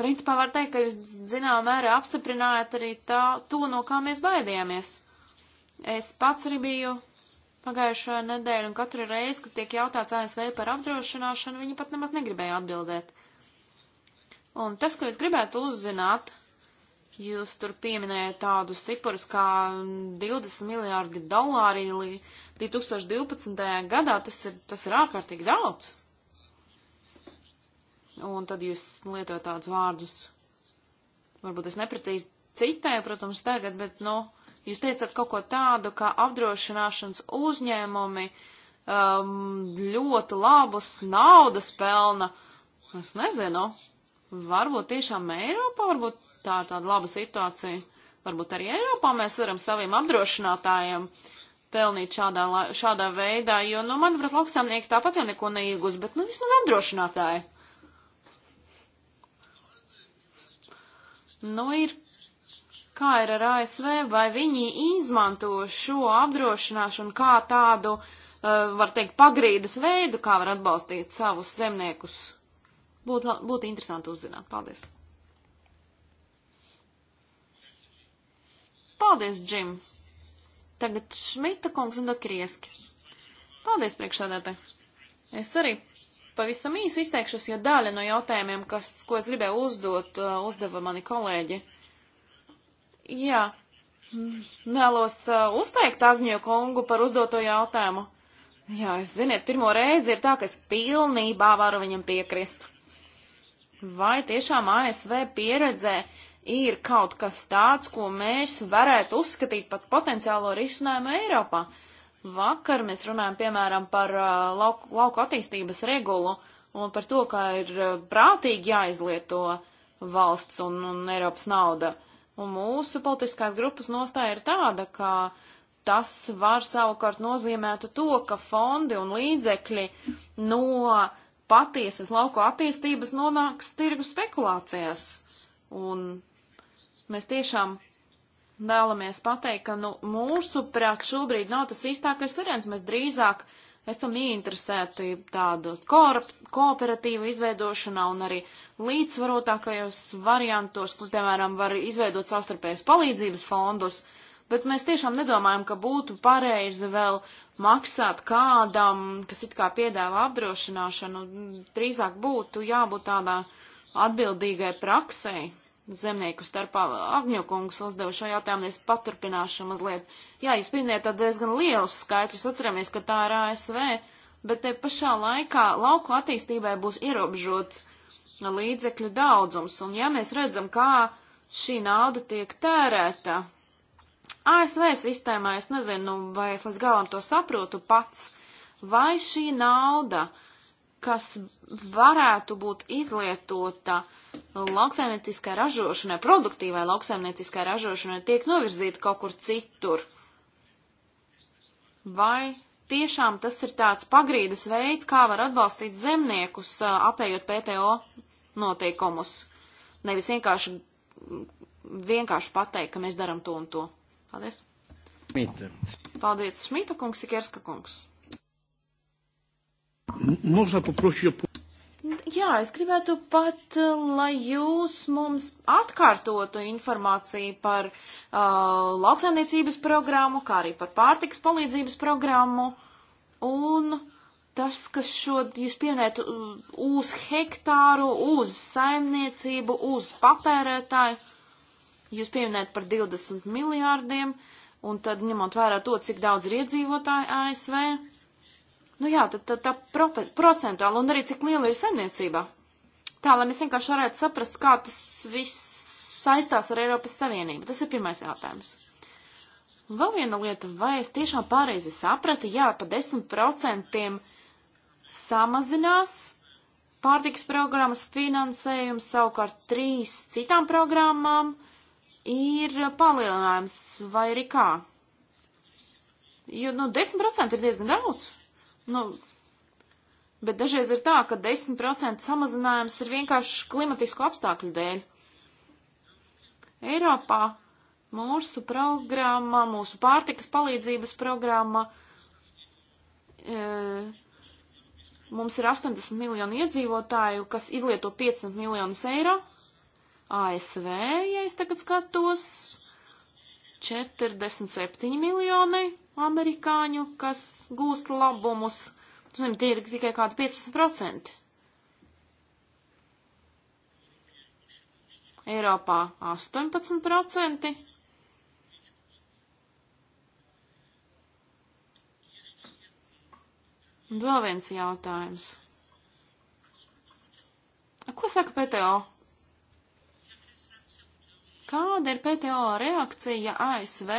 principā var teikt, ka jūs zināmā mērā apstiprinājāt arī tā, to, no kā mēs baidījāmies. Es pats arī biju pagājušajā nedēļā, un katru reizi, kad tiek jautāts ASV par apdrošināšanu, viņi pat nemaz negribēja atbildēt. Un tas, ko es gribētu uzzināt, Jūs tur pieminējat tādus ciparus kā 20 miljārdi dolāri 2012. gadā. Tas ir, tas ir ārkārtīgi daudz. Un tad jūs lietojat tādus vārdus. Varbūt es neprecīzi citēju, protams, tagad, bet, nu, jūs teicat kaut ko tādu, kā apdrošināšanas uzņēmumi um, ļoti labus naudas pelna. Es nezinu. Varbūt tiešām Eiropā, varbūt tā ir tāda laba situācija. Varbūt arī Eiropā mēs varam saviem apdrošinātājiem pelnīt šādā, šādā veidā, jo, nu, manuprāt, lauksaimnieki tāpat jau neko neiegūs, bet, nu, vismaz apdrošinātāji. Nu, ir kā ir ar ASV, vai viņi izmanto šo apdrošināšanu kā tādu, uh, var teikt, pagrīdes veidu, kā var atbalstīt savus zemniekus. Būtu, būtu interesanti uzzināt. Paldies! Paldies, Džim! Tagad Šmita kungs un tad Krieski. Paldies, priekšsādātāji! Es arī pavisam īsi izteikšos, jo daļa no jautājumiem, kas, ko es gribēju uzdot, uh, uzdeva mani kolēģi. Jā, mēlos uh, uzteikt Agņo kungu par uzdoto jautājumu. Jā, es ziniet, pirmo reizi ir tā, ka es pilnībā varu viņam piekrist vai tiešām ASV pieredzē ir kaut kas tāds, ko mēs varētu uzskatīt par potenciālo risinājumu Eiropā. Vakar mēs runājam, piemēram, par uh, lauku, lauku attīstības regulu un par to, kā ir uh, prātīgi jāizlieto valsts un, un Eiropas nauda. Un mūsu politiskās grupas nostāja ir tāda, ka tas var savukārt nozīmēt to, ka fondi un līdzekļi no uh, patiesas lauku attīstības nonāks tirgu spekulācijās. Un mēs tiešām vēlamies pateikt, ka nu, mūsu prāt šobrīd nav tas īstākais variants. Mēs drīzāk esam ieinteresēti tādu kooperatīvu izveidošanā un arī līdzsvarotākajos variantos, kur, piemēram, var izveidot savstarpējas palīdzības fondus. Bet mēs tiešām nedomājam, ka būtu pareizi vēl maksāt kādam, kas it kā piedāvā apdrošināšanu, drīzāk būtu jābūt tādā atbildīgai praksē zemnieku starpā. Agņokungs uzdeva šo jautājumu, es paturpināšu mazliet. Jā, jūs pieminējat tādu diezgan lielu skaitļu, atceramies, ka tā ir ASV, bet te pašā laikā lauku attīstībai būs ierobežots līdzekļu daudzums, un ja mēs redzam, kā šī nauda tiek tērēta, ASV sistēmā es nezinu, vai es līdz galam to saprotu pats, vai šī nauda, kas varētu būt izlietota lauksaimnieciskai ražošanai, produktīvai lauksaimnieciskai ražošanai, tiek novirzīta kaut kur citur. Vai tiešām tas ir tāds pagrīdes veids, kā var atbalstīt zemniekus, apējot PTO noteikumus? Nevis vienkārši, vienkārši pateikt, ka mēs darām to un to. Paldies! Šmita. Paldies, Šmita kungs, Ikerska kungs. Можно попроще... Jā, es gribētu pat, eh, lai jūs mums atkārtotu informāciju par uh, lauksaimniecības programmu, kā arī par pārtikas palīdzības programmu. Un tas, kas šo jūs pieminētu uz hektāru, uz saimniecību, uz patērētāju, Jūs pieminējat par 20 miljārdiem, un tad ņemot vērā to, cik daudz ir iedzīvotāji ASV, nu jā, tad tā, tā, tā procentuāli un arī cik liela ir saimniecība. Tā, lai mēs vienkārši varētu saprast, kā tas viss saistās ar Eiropas Savienību. Tas ir pirmais jautājums. Un vēl viena lieta, vai es tiešām pareizi sapratu, jā, pa 10% samazinās pārtikas programmas finansējums, savukārt trīs citām programmām – ir palielinājums vai arī kā? Jo, nu, 10% ir diezgan daudz. Nu, bet dažreiz ir tā, ka 10% samazinājums ir vienkārši klimatisku apstākļu dēļ. Eiropā mūsu programma, mūsu pārtikas palīdzības programma, e, mums ir 80 miljoni iedzīvotāju, kas izlieto 500 miljonus eiro. ASV, ja es tagad skatos, 47 miljoni amerikāņu, kas gūst labumus. Tu zini, tie ir tikai kādi 15%. Eiropā 18%. Un vēl viens jautājums. Ko saka PTO? Kāda ir PTO reakcija, ja ASV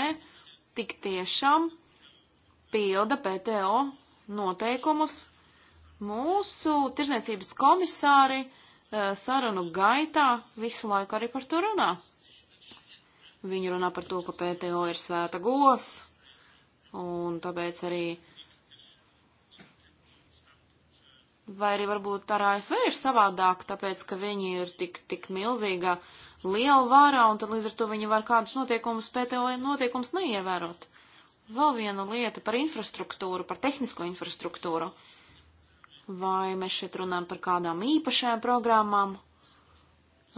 tik tiešām pilda PTO noteikumus? Mūsu tirzniecības komisāri eh, sarunu gaitā visu laiku arī par to runā. Viņi runā par to, ka PTO ir svēta govs, un tāpēc arī Vai arī varbūt ar ASV ir savādāk, tāpēc, ka viņi ir tik, tik milzīga uh, liela vārā, un tad līdz ar to viņi var kādus notiekumus PTO notiekumus neievērot. Vēl viena lieta par infrastruktūru, par tehnisko infrastruktūru. Vai mēs šeit runājam par kādām īpašajām programmām,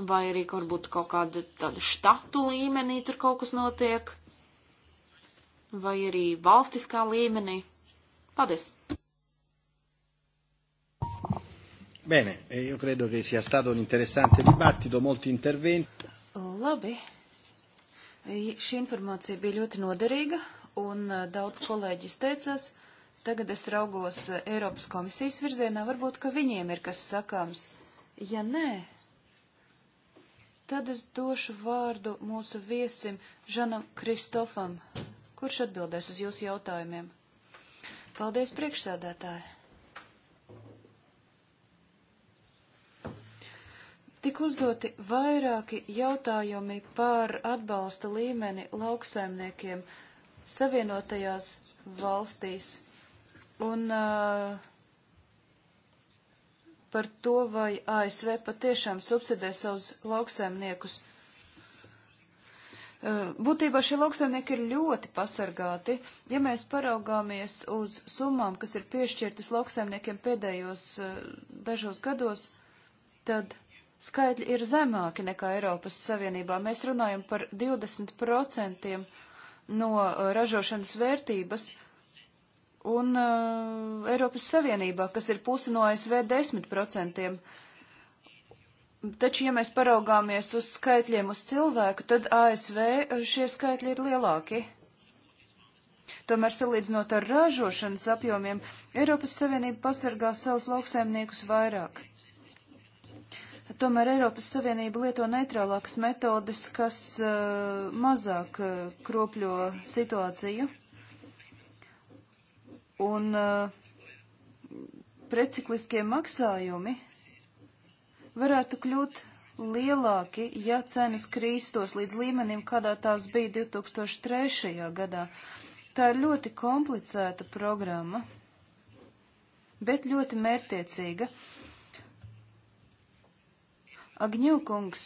vai arī varbūt kaut kāda tāda štatu līmenī tur kaut kas notiek, vai arī valstiskā līmenī. Paldies! Bene, e io credo che sia stato un interessante dibattito, molti interventi. Labi. E šī informācija bija ļoti noderīga, un e, daudz kolēģis teicās, tagad es raugos Eiropas komisijas virzienā, varbūt, ka viņiem ir kas sakāms. Ja nē, tad es došu vārdu mūsu viesim Žanam Kristofam, kurš atbildēs uz jūsu jautājumiem. Paldies, priekšsēdētāji! Tik uzdoti vairāki jautājumi par atbalsta līmeni lauksaimniekiem savienotajās valstīs un uh, par to, vai ASV patiešām subsidē savus lauksaimniekus. Būtībā šie lauksaimnieki ir ļoti pasargāti. Ja mēs paraugāmies uz summām, kas ir piešķirtas lauksaimniekiem pēdējos dažos gados, tad skaitļi ir zemāki nekā Eiropas Savienībā. Mēs runājam par 20% no uh, ražošanas vērtības, un uh, Eiropas Savienībā, kas ir pusi no ASV 10%. Taču, ja mēs paraugāmies uz skaitļiem uz cilvēku, tad ASV uh, šie skaitļi ir lielāki. Tomēr, salīdzinot ar ražošanas apjomiem, Eiropas Savienība pasargā savus lauksaimniekus vairāk. Tomēr Eiropas Savienība lieto neitrālākas metodes, kas uh, mazāk uh, kropļo situāciju. Un uh, precikliskie maksājumi varētu kļūt lielāki, ja cenas krīstos līdz līmenim, kādā tās bija 2003. gadā. Tā ir ļoti komplicēta programma, bet ļoti mērtiecīga. Uh, Agņokungs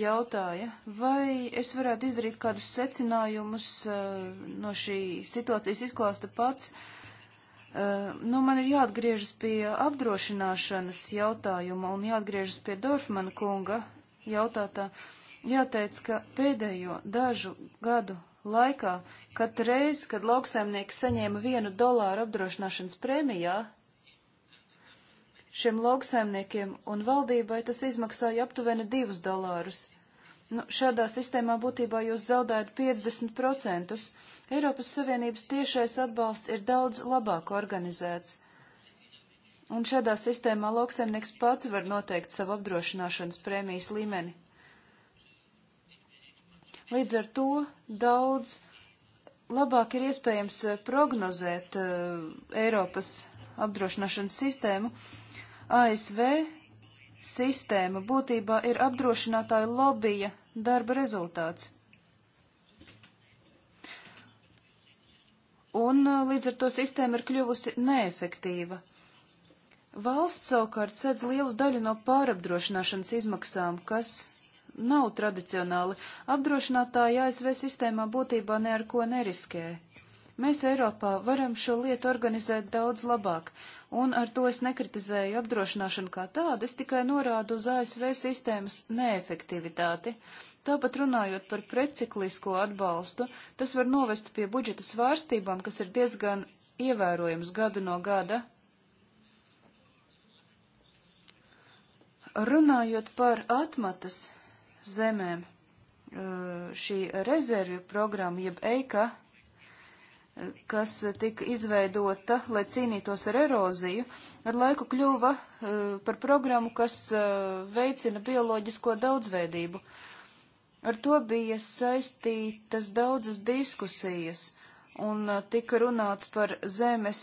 jautāja, vai es varētu izdarīt kādus secinājumus eh, no šī situācijas izklāsta pats. Eh, nu, man ir jāatgriežas pie apdrošināšanas jautājuma un jāatgriežas pie Dorfmana kunga jautātā. Jāteic, ka pēdējo dažu gadu laikā, kad reiz, kad lauksaimnieki saņēma vienu dolāru apdrošināšanas prēmijā, Šiem lauksaimniekiem un valdībai tas izmaksāja aptuveni 2 dolārus. Nu, šādā sistēmā būtībā jūs zaudējat 50%. Eiropas Savienības tiešais atbalsts ir daudz labāk organizēts. Un šādā sistēmā lauksaimnieks pats var noteikt savu apdrošināšanas prēmijas līmeni. Līdz ar to daudz labāk ir iespējams eh, prognozēt uh, Eiropas apdrošināšanas sistēmu, ASV sistēma būtībā ir apdrošinātāju lobija darba rezultāts. Un uh, līdz ar to sistēma ir kļuvusi neefektīva. Valsts savukārt sedz lielu daļu no pārapdrošināšanas izmaksām, kas nav tradicionāli. Apdrošinātāji ASV sistēmā būtībā ne ar ko neriskē. Mēs Eiropā varam šo lietu organizēt daudz labāk, un ar to es nekritizēju apdrošināšanu kā tādu, es tikai norādu uz ASV sistēmas neefektivitāti. Tāpat runājot par preciklisko atbalstu, tas var novest pie budžeta svārstībām, kas ir diezgan ievērojams gadu no gada. Runājot par atmatas zemēm, eh, šī rezervju programma, jeb EIKA, kas tika izveidota, lai cīnītos ar eroziju, ar laiku kļuva uh, par programmu, kas uh, veicina bioloģisko daudzveidību. Ar to bija saistītas daudzas diskusijas, un uh, tika runāts par zemes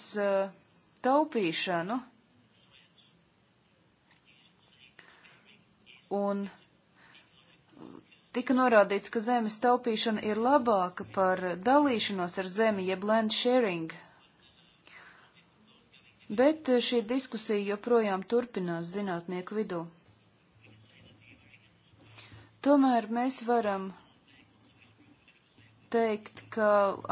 taupīšanu. Un Tika norādīts, ka zemes taupīšana ir labāka par dalīšanos ar zemi, jeb land sharing. Bet eh, šī diskusija joprojām turpinās zinātnieku vidū. Tomēr mēs varam teikt, ka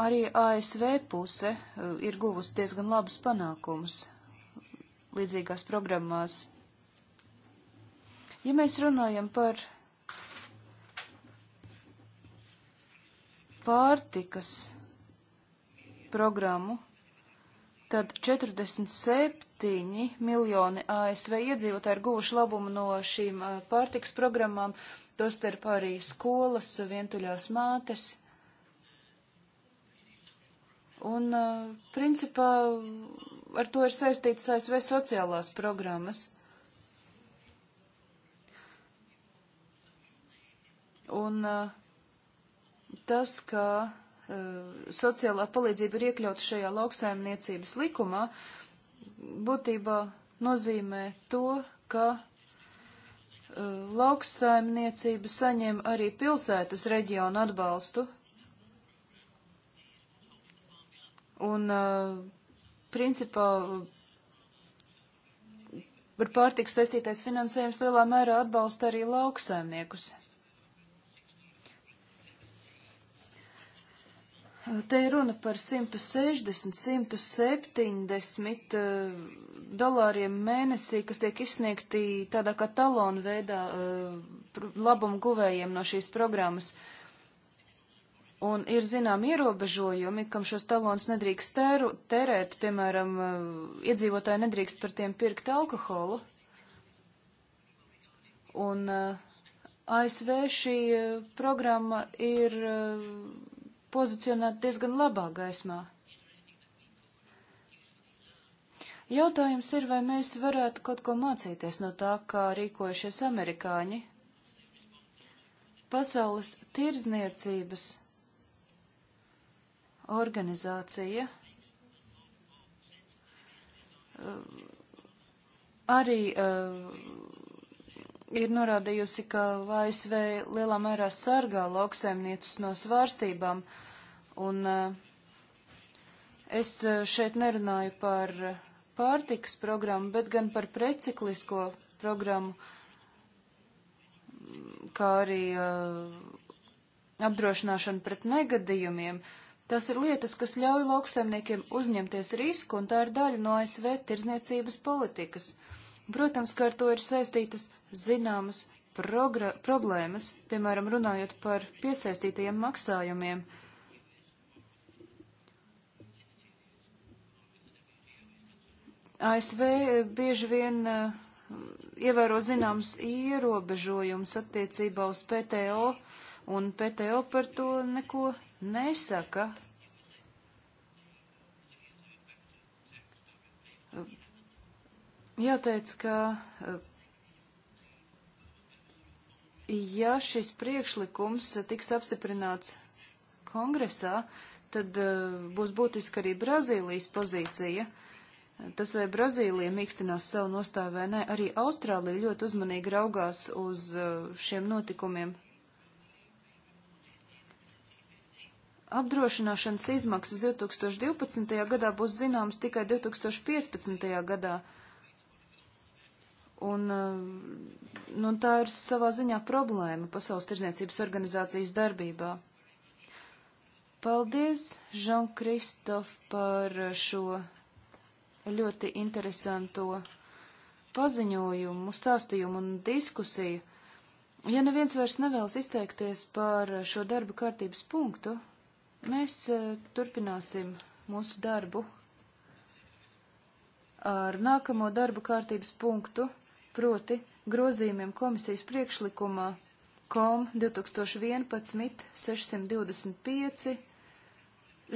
arī ASV puse eh, ir guvusi diezgan labus panākumus līdzīgās programmās. Ja mēs runājam par pārtikas programmu, tad 47 miljoni ASV iedzīvotāji ir guvuši labumu no šīm pārtikas programmām, tostarp arī skolas, vientuļās mātes. Un, principā, ar to ir saistītas ASV sociālās programmas. Un uh, tas, ka uh, sociālā palīdzība ir iekļauta šajā lauksaimniecības likumā, būtībā nozīmē to, ka uh, lauksaimniecība saņem arī pilsētas reģionu atbalstu. Un, uh, principā, ar pārtiks saistītais finansējums lielā mērā atbalsta arī lauksaimniekus. Te ir runa par 160, 170 eh, dolāriem mēnesī, kas tiek izsniegti tādā kā talonu veidā eh, labumu guvējiem no šīs programmas. Un ir zinām ierobežojumi, kam šos talons nedrīkst tēru, tērēt, piemēram, eh, iedzīvotāji nedrīkst par tiem pirkt alkoholu. Un ASV šī programma ir pozicionēt diezgan labā gaismā. Jautājums ir, vai mēs varētu kaut ko mācīties no tā, kā rīkojušies amerikāņi. Pasaules tirzniecības organizācija uh, arī uh, ir norādījusi, ka ASV lielā mērā sargā lauksaimniecus no svārstībām, un eh, es eh, šeit nerunāju par eh, pārtikas programmu, bet gan par preciklisko programmu, mm, kā arī apdrošināšanu pret negadījumiem. Tas ir lietas, kas ļauj lauksaimniekiem uzņemties risku, un tā ir daļa no ASV tirzniecības politikas. Uh, Protams, ka ar to ir saistītas zināmas problēmas, piemēram, runājot par piesaistītajiem maksājumiem. ASV eh, bieži vien uh, ievēro zināmas ierobežojumus attiecībā uz PTO, un PTO par to neko nesaka, Jāteic, ka eh, ja šis priekšlikums tiks apstiprināts kongresā, tad uh, būs būtiska arī Brazīlijas pozīcija. Tas, vai Brazīlija mīkstinās savu nostāju vai nē, arī Austrālija ļoti uzmanīgi raugās uz uh, šiem notikumiem. Apdrošināšanas izmaksas 2012. gadā būs zināmas tikai 2015. gadā. Uh, Un eh, nu, tā ir savā ziņā problēma Pasaules tirzniecības organizācijas darbībā. Paldies, Žan-Kristof, par šo ļoti interesanto paziņojumu, stāstījumu un diskusiju. Ja neviens vairs nevēlas izteikties par šo darba kārtības punktu, mēs eh, turpināsim mūsu darbu ar nākamo darba kārtības punktu proti grozījumiem komisijas priekšlikumā KOM 2011 625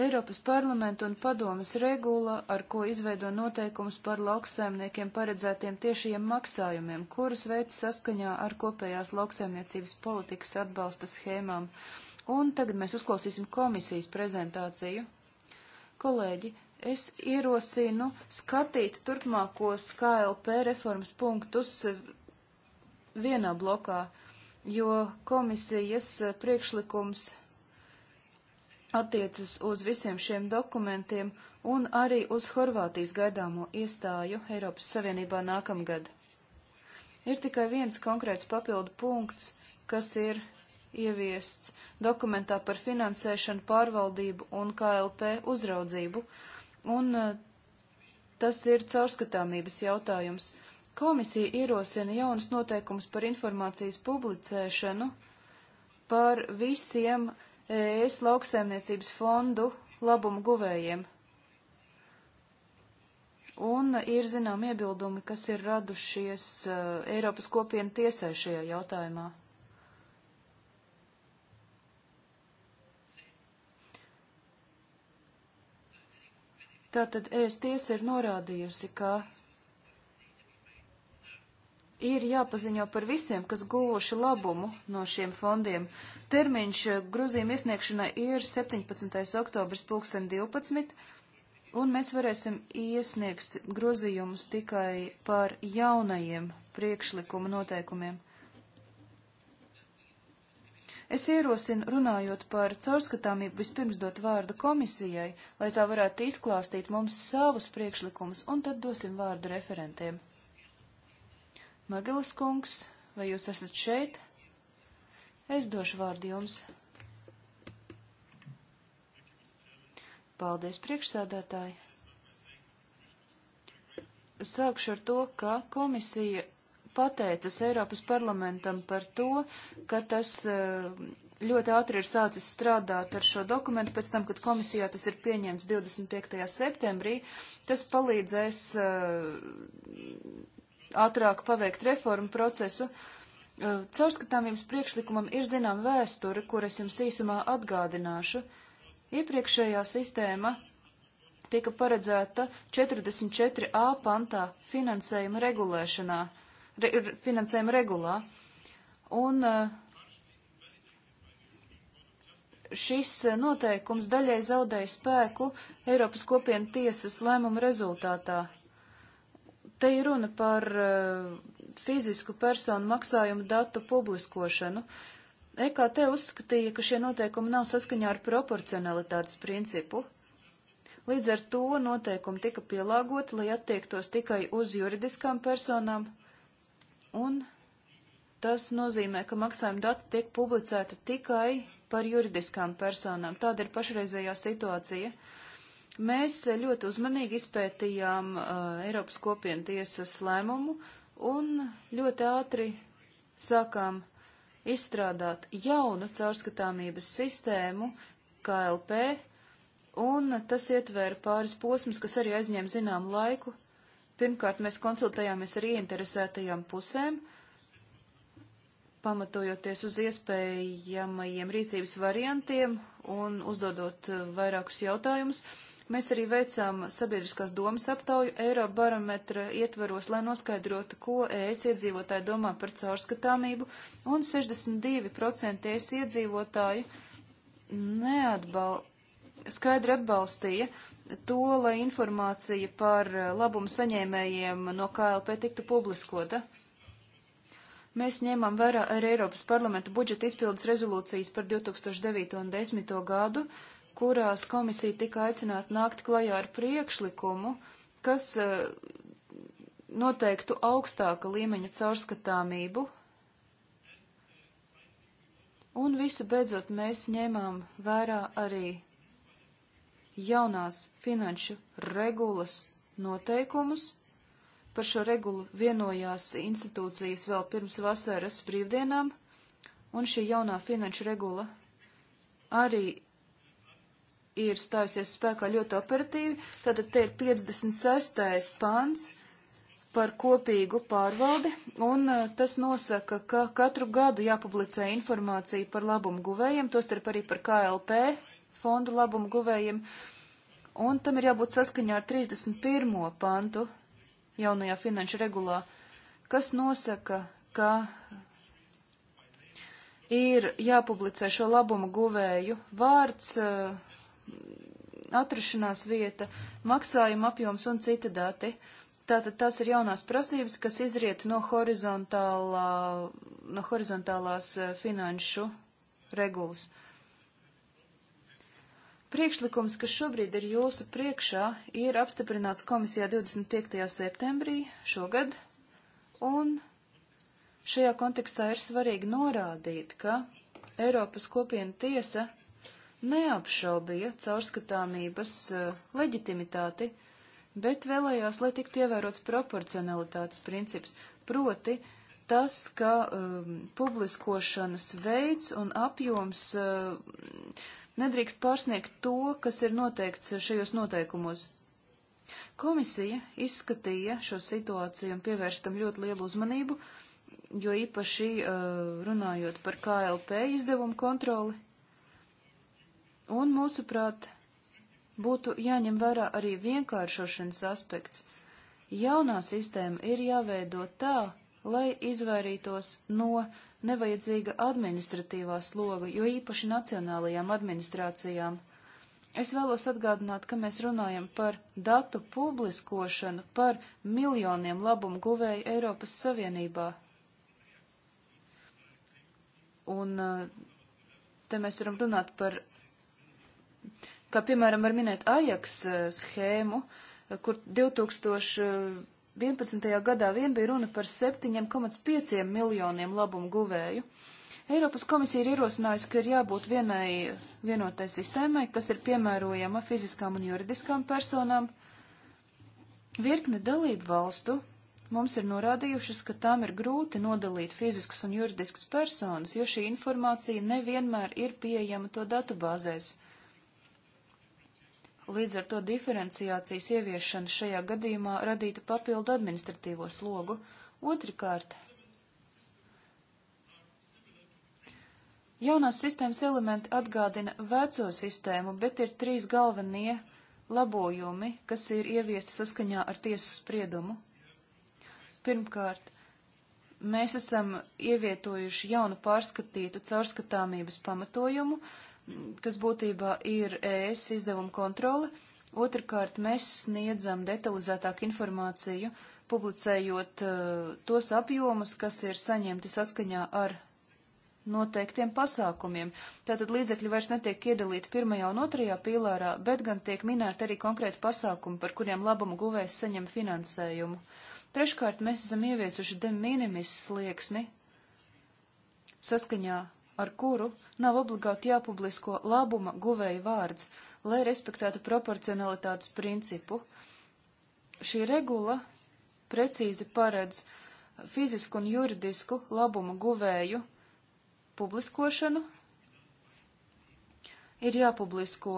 Eiropas parlamenta un padomas regula, ar ko izveido noteikums par lauksaimniekiem paredzētiem tiešajiem maksājumiem, kurus veic saskaņā ar kopējās lauksaimniecības politikas atbalsta schēmām. Un tagad mēs uzklausīsim komisijas prezentāciju. Kolēģi, Es ierosinu skatīt turpmākos KLP reformas punktus eh, vienā blokā, jo komisijas eh, priekšlikums attiecas uz visiem šiem dokumentiem un arī uz Horvātijas gaidāmo iestāju Eiropas Savienībā nākamgad. Ir tikai viens konkrēts papildu punkts, kas ir ieviests dokumentā par finansēšanu, pārvaldību un KLP uzraudzību, un uh, tas ir caurskatāmības jautājums. Komisija ierosina jaunas noteikumus par informācijas publicēšanu par visiem ES lauksaimniecības fondu labumu guvējiem. Un ir zinām iebildumi, kas ir radušies uh, Eiropas kopienu tiesai šajā jautājumā. Tātad ES tiesa ir norādījusi, ka ir jāpaziņo par visiem, kas guvuši labumu no šiem fondiem. Termiņš grozījuma iesniegšanai ir 17. oktobris 2012, un mēs varēsim iesniegt grozījumus tikai par jaunajiem priekšlikuma noteikumiem. Es ierosinu, runājot par caurskatāmību, vispirms dot vārdu komisijai, lai tā varētu izklāstīt mums savus priekšlikumus, un tad dosim vārdu referentiem. Magilas kungs, vai jūs esat šeit? Es došu vārdu jums. Paldies, priekšsādātāji! Sākšu ar to, ka komisija pateicas Eiropas parlamentam par to, ka tas eh, ļoti ātri ir sācis strādāt ar šo dokumentu, pēc tam, kad komisijā tas ir pieņemts 25. septembrī, tas palīdzēs eh, ātrāk paveikt reformu procesu. Eh, caurskatāmības priekšlikumam ir zinām vēsture, kur es jums īsumā atgādināšu. Iepriekšējā sistēma tika paredzēta 44a pantā finansējuma regulēšanā re, finansējuma regulā. Un eh, šis noteikums daļai zaudēja spēku Eiropas kopienu tiesas lēmumu rezultātā. Te ir runa par eh, fizisku personu maksājumu datu publiskošanu. EKT uzskatīja, ka šie noteikumi nav saskaņā ar proporcionalitātes principu. Līdz ar to noteikumi tika pielāgoti, lai attiektos tikai uz juridiskām personām, un tas nozīmē, ka maksājuma dati tiek publicēta tikai par juridiskām personām. Tāda ir pašreizējā situācija. Mēs ļoti uzmanīgi izpētījām uh, Eiropas kopienu tiesas lēmumu un ļoti ātri sākām izstrādāt jaunu caurskatāmības sistēmu KLP, un tas ietvēra pāris posmus, kas arī aizņem zināmu laiku, Pirmkārt, mēs konsultējāmies ar ieinteresētajām pusēm, pamatojoties uz iespējamajiem rīcības variantiem un uzdodot eh, vairākus jautājumus. Mēs arī veicām sabiedriskās domas aptauju Eiropa barometra ietvaros, lai noskaidrotu, ko ES iedzīvotāji domā par caurskatāmību, un 62% ES iedzīvotāji neatbal, skaidri atbalstīja to, lai informācija par eh, labumu saņēmējiem no KLP tiktu publiskota. Mēs ņēmām vērā arī Eiropas parlamenta budžeta izpildes rezolūcijas par 2009 un 2010 gadu, kurās komisija tika aicināta nākt klajā ar priekšlikumu, kas eh, noteiktu augstāka līmeņa caurskatāmību. Un visu beidzot mēs ņēmām vērā arī jaunās finanšu regulas noteikumus. Par šo regulu vienojās institūcijas vēl pirms vasaras brīvdienām, un šī jaunā finanšu regula arī ir stājusies spēkā ļoti operatīvi. Tātad te ir 56. pants par kopīgu pārvaldi, un uh, tas nosaka, ka katru gadu jāpublicē informācija par labumu guvējiem, tostarp arī par KLP fondu labumu guvējiem, un tam ir jābūt saskaņā ar 31. pantu jaunajā finanšu regulā, kas nosaka, ka ir jāpublicē šo labumu guvēju vārds, eh, atrašanās vieta, maksājuma apjoms un citi dati. Tātad tās ir jaunās prasības, kas izriet no, horizontālā, no horizontālās eh, finanšu regulas. Uh, Priekšlikums, kas šobrīd ir jūsu priekšā, ir apstiprināts komisijā 25. septembrī šogad, un šajā kontekstā ir svarīgi norādīt, ka Eiropas kopiena tiesa neapšaubīja caurskatāmības uh, leģitimitāti, bet vēlējās, lai tiktu ievērots proporcionalitātes princips, proti tas, ka um, publiskošanas veids un apjoms uh, nedrīkst pārsniegt to, kas ir noteikts šajos noteikumos. Komisija izskatīja šo situāciju un pievērstam ļoti lielu uzmanību, jo īpaši uh, runājot par KLP izdevumu kontroli. Un, mūsuprāt, būtu jāņem vērā arī vienkāršošanas aspekts. Jaunā sistēma ir jāveido tā, lai izvairītos no nevajadzīga administratīvā sloga, jo īpaši nacionālajām administrācijām. Es vēlos atgādināt, ka mēs runājam par datu publiskošanu, par miljoniem labumu guvēju Eiropas Savienībā. Un eh, te mēs varam runāt par, kā piemēram var minēt Ajax eh, schēmu, eh, kur 2000 11. gadā vien bija runa par 7,5 miljoniem labumu guvēju. Eiropas komisija ir ierosinājusi, ka ir jābūt vienai vienotai sistēmai, kas ir piemērojama fiziskām un juridiskām personām. Virkne dalību valstu mums ir norādījušas, ka tām ir grūti nodalīt fiziskas un juridiskas personas, jo šī informācija nevienmēr ir pieejama to datubāzēs. Līdz ar to diferenciācijas ieviešana šajā gadījumā radītu papildu administratīvo slogu. Otrikārt, jaunās sistēmas elementi atgādina veco sistēmu, bet ir trīs galvenie labojumi, kas ir ieviesti saskaņā ar tiesas spriedumu. Pirmkārt, mēs esam ievietojuši jaunu pārskatītu caurskatāmības pamatojumu, uh, kas būtībā ir ES izdevuma kontrole. Otrakārt, mēs sniedzam detalizētāku informāciju, publicējot uh, tos apjomus, kas ir saņemti saskaņā ar noteiktiem pasākumiem. Tātad līdzekļi vairs netiek iedalīti pirmajā un otrajā pīlārā, bet gan tiek minēti arī konkrēti pasākumi, par kuriem labumu guvējs saņem finansējumu. Treškārt, mēs esam ieviesuši de minimis slieksni saskaņā ar kuru nav obligāti jāpublisko labuma guvēja vārds, lai respektētu proporcionalitātes principu. Šī regula precīzi paredz fizisku un juridisku labumu guvēju publiskošanu. Ir jāpublisko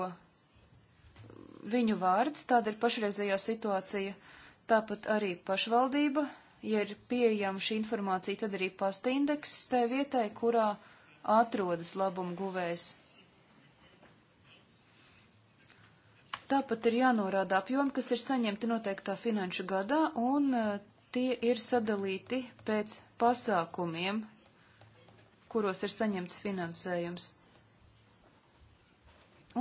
viņu vārds, tāda ir pašreizējā situācija, tāpat arī pašvaldība. Ja ir pieejama šī informācija, tad arī pasta indeks tai vietai, kurā uh, atrodas labumu guvējs. Tāpat ir jānorāda apjomi, kas ir saņemti noteiktā finanšu gadā, un eh, tie ir sadalīti pēc pasākumiem, kuros ir saņemts finansējums.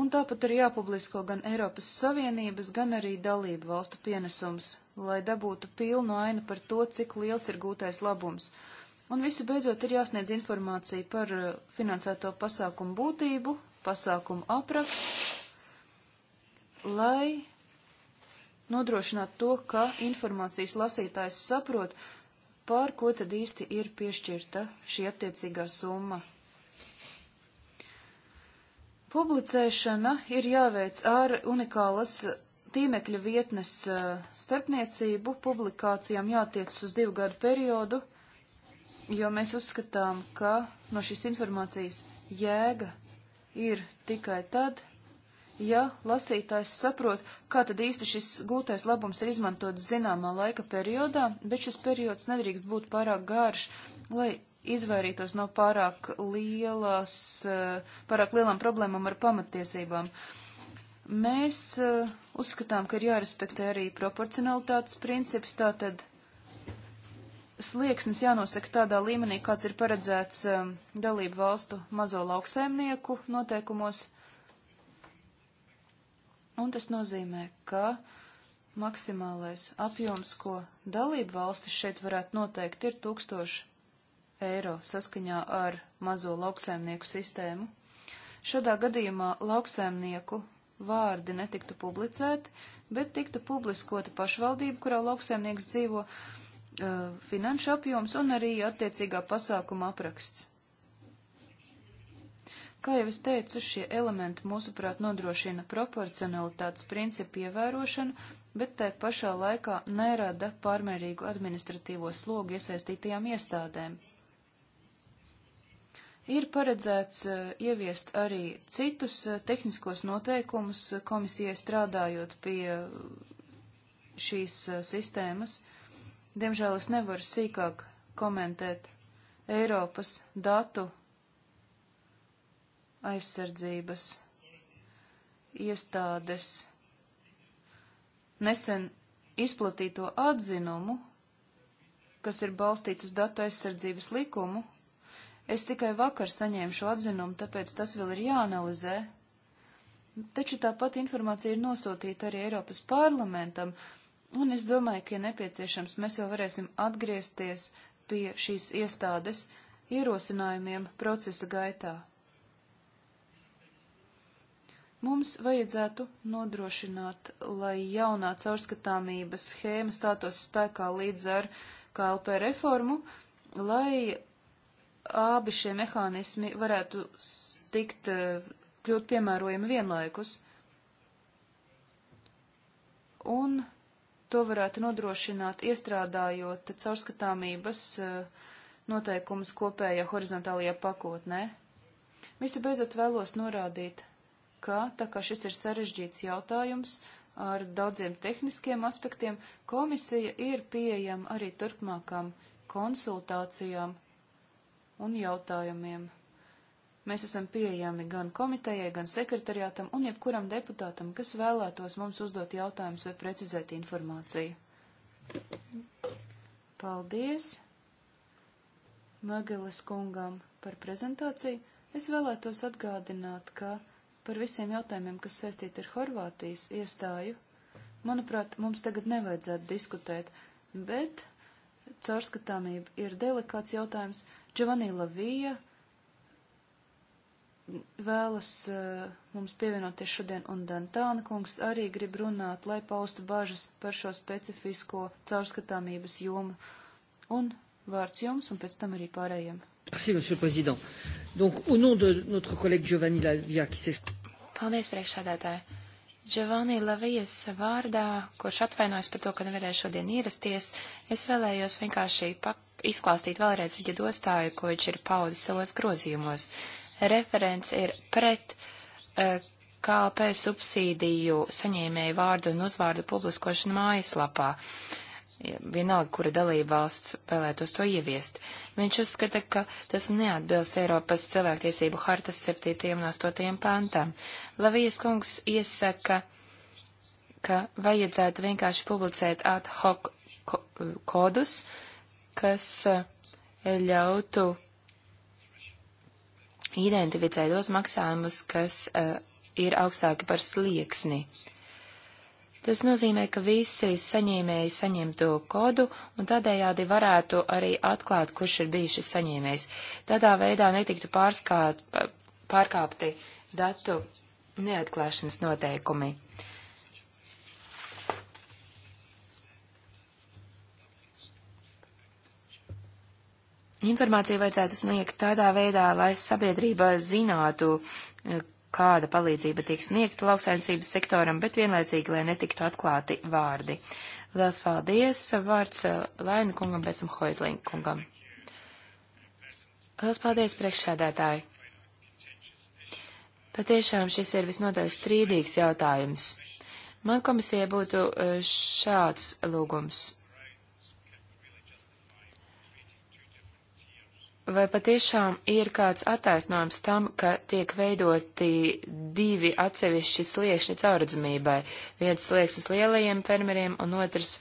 Un tāpat ir jāpublisko gan Eiropas Savienības, gan arī dalību valstu pienesums, lai dabūtu pilnu ainu par to, cik liels ir gūtais labums. Un visu beidzot ir jāsniedz informācija par eh, finansēto pasākumu būtību, pasākumu apraksts, lai nodrošinātu to, ka informācijas lasītājs saprot, pār ko tad īsti ir piešķirta šī attiecīgā summa. Publicēšana ir jāveic ar unikālas tīmekļa vietnes eh, starpniecību, publikācijām jātiec uz divu gadu periodu jo mēs uzskatām, ka no šīs informācijas jēga ir tikai tad, ja lasītājs saprot, kā tad īsti šis gūtais labums ir izmantots zināmā laika periodā, bet šis periods nedrīkst būt pārāk garš, lai izvairītos no pārāk, lielās, eh, pārāk lielām problēmām ar pamatiesībām. Mēs eh, uzskatām, ka ir jārespektē arī proporcionalitātes princips, tātad slieksnis jānosaka tādā līmenī, kāds ir paredzēts um, dalību valstu mazo lauksaimnieku noteikumos. Un tas nozīmē, ka maksimālais apjoms, ko dalību valstis šeit varētu noteikt, ir 1000 eiro saskaņā ar mazo lauksaimnieku sistēmu. Šādā gadījumā lauksaimnieku vārdi netiktu publicēti, bet tiktu publiskota pašvaldība, kurā lauksaimnieks dzīvo, uh, Uh, finanšu apjoms un arī attiecīgā pasākuma apraksts. Kā jau es teicu, šie elementi mūsuprāt nodrošina proporcionalitātes principu ievērošanu, bet tai pašā laikā nerada pārmērīgu administratīvo slogu iesaistītajām iestādēm. Ir paredzēts uh, ieviest arī citus uh, tehniskos noteikumus komisijai strādājot pie šīs sistēmas. Diemžēl es nevaru sīkāk komentēt Eiropas datu aizsardzības iestādes nesen izplatīto atzinumu, kas ir balstīts uz datu aizsardzības likumu. Es tikai vakar saņēmu šo atzinumu, tāpēc tas vēl ir jāanalizē. Taču tāpat informācija ir nosūtīta arī Eiropas parlamentam, Un es domāju, ka, ja nepieciešams, mēs jau varēsim atgriezties pie šīs iestādes ierosinājumiem procesa gaitā. Mums vajadzētu nodrošināt, lai jaunā caurskatāmības schēma stātos spēkā līdz ar KLP reformu, lai abi šie mehānismi varētu tikt eh, kļūt piemērojami vienlaikus. Un to varētu nodrošināt, iestrādājot caurskatāmības eh, noteikumus kopējā horizontālajā pakotnē. Visu beidzot vēlos norādīt, ka, tā kā šis ir sarežģīts jautājums ar daudziem tehniskiem aspektiem, komisija ir pieejama arī turpmākām konsultācijām un jautājumiem. Mēs esam pieejami gan komitejai, gan sekretariātam un jebkuram deputātam, kas vēlētos mums uzdot jautājumus vai precizēt informāciju. Paldies Mageles kungam par prezentāciju. Es vēlētos atgādināt, ka par visiem jautājumiem, kas saistīti ar Horvātijas iestāju, manuprāt, mums tagad nevajadzētu diskutēt, bet caurskatāmība ir delikāts jautājums. Giovanni Lavija vēlas uh, mums pievienoties šodien, un Dantāna kungs arī grib runāt, lai paustu bažas par šo specifisko caurskatāmības jomu. Un vārds jums, un pēc tam arī pārējiem. Merci, monsieur le président. Donc, au nom de notre collègue Giovanni Lavia, qui s'exprime. Paldies, priekšsādātāji. Giovanni Lavijas vārdā, kurš atvainojas par to, ka nevarēja šodien ierasties, es vēlējos vienkārši izklāstīt vēlreiz viņa dostāju, ko viņš ir paudis savos grozījumos. Uh, referents ir pret uh, eh, KLP subsīdiju saņēmēju vārdu un uzvārdu publiskošanu mājaslapā. Vienalga, kura dalība valsts vēlētos to ieviest. Viņš uzskata, ka tas neatbilst Eiropas cilvēktiesību hartas 7. un 8. pantam. Lavijas kungs iesaka, ka vajadzētu vienkārši publicēt ad hoc kodus, kas eh, ļautu identificē tos maksājumus, kas uh, ir augstāki par slieksni. Tas nozīmē, ka visi saņēmēji saņem to kodu un tādējādi varētu arī atklāt, kurš ir bijis šis saņēmējs. Tādā veidā netiktu pārskāt, pārkāpti datu neatklāšanas noteikumi. Informāciju vajadzētu sniegt tādā veidā, lai sabiedrība zinātu, eh, kāda palīdzība tiek sniegta lauksaimniecības sektoram, bet vienlaicīgi, lai netiktu atklāti vārdi. Lielas paldies! Vārds eh, Laina kungam, pēc tam Hoizlīna kungam. Lielas paldies, priekšsēdētāji! Patiešām šis ir visnotaļ strīdīgs jautājums. Man komisija būtu eh, šāds lūgums. Vai patiešām ir kāds attaisnojums tam, ka tiek veidoti divi atsevišķi sliekšņi caurredzamībai? Viens slieksnis lielajiem fermeriem un otrs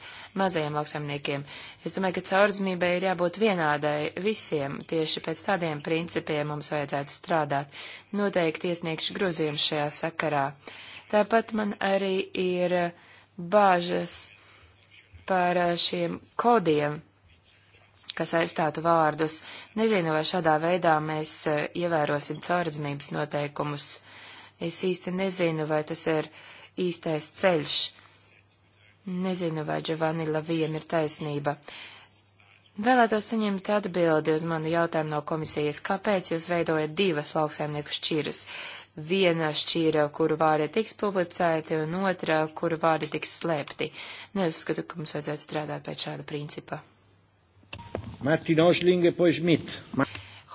mazajiem lauksaimniekiem. Es domāju, ka caurredzamībai ir jābūt vienādai visiem. Tieši pēc tādiem principiem mums vajadzētu strādāt. Noteikti iesniegšu grozījumus šajā sakarā. Tāpat man arī ir uh, bāžas par uh, šiem kodiem kas aizstātu vārdus. Nezinu, vai šādā veidā mēs eh, ievērosim caurredzamības noteikumus. Es īsti nezinu, vai tas ir īstais ceļš. Nezinu, vai Giovanni Lavijam ir taisnība. Vēlētos saņemt atbildi uz manu jautājumu no komisijas, kāpēc jūs veidojat divas lauksaimnieku šķiras. Viena šķīra, kuru vārdi tiks publicēti, un otra, kuru vārdi tiks slēpti. Neuzskatu, ka mums vajadzētu strādāt pēc šāda principa. Martin Ošlinga, poi Šmit. Ma...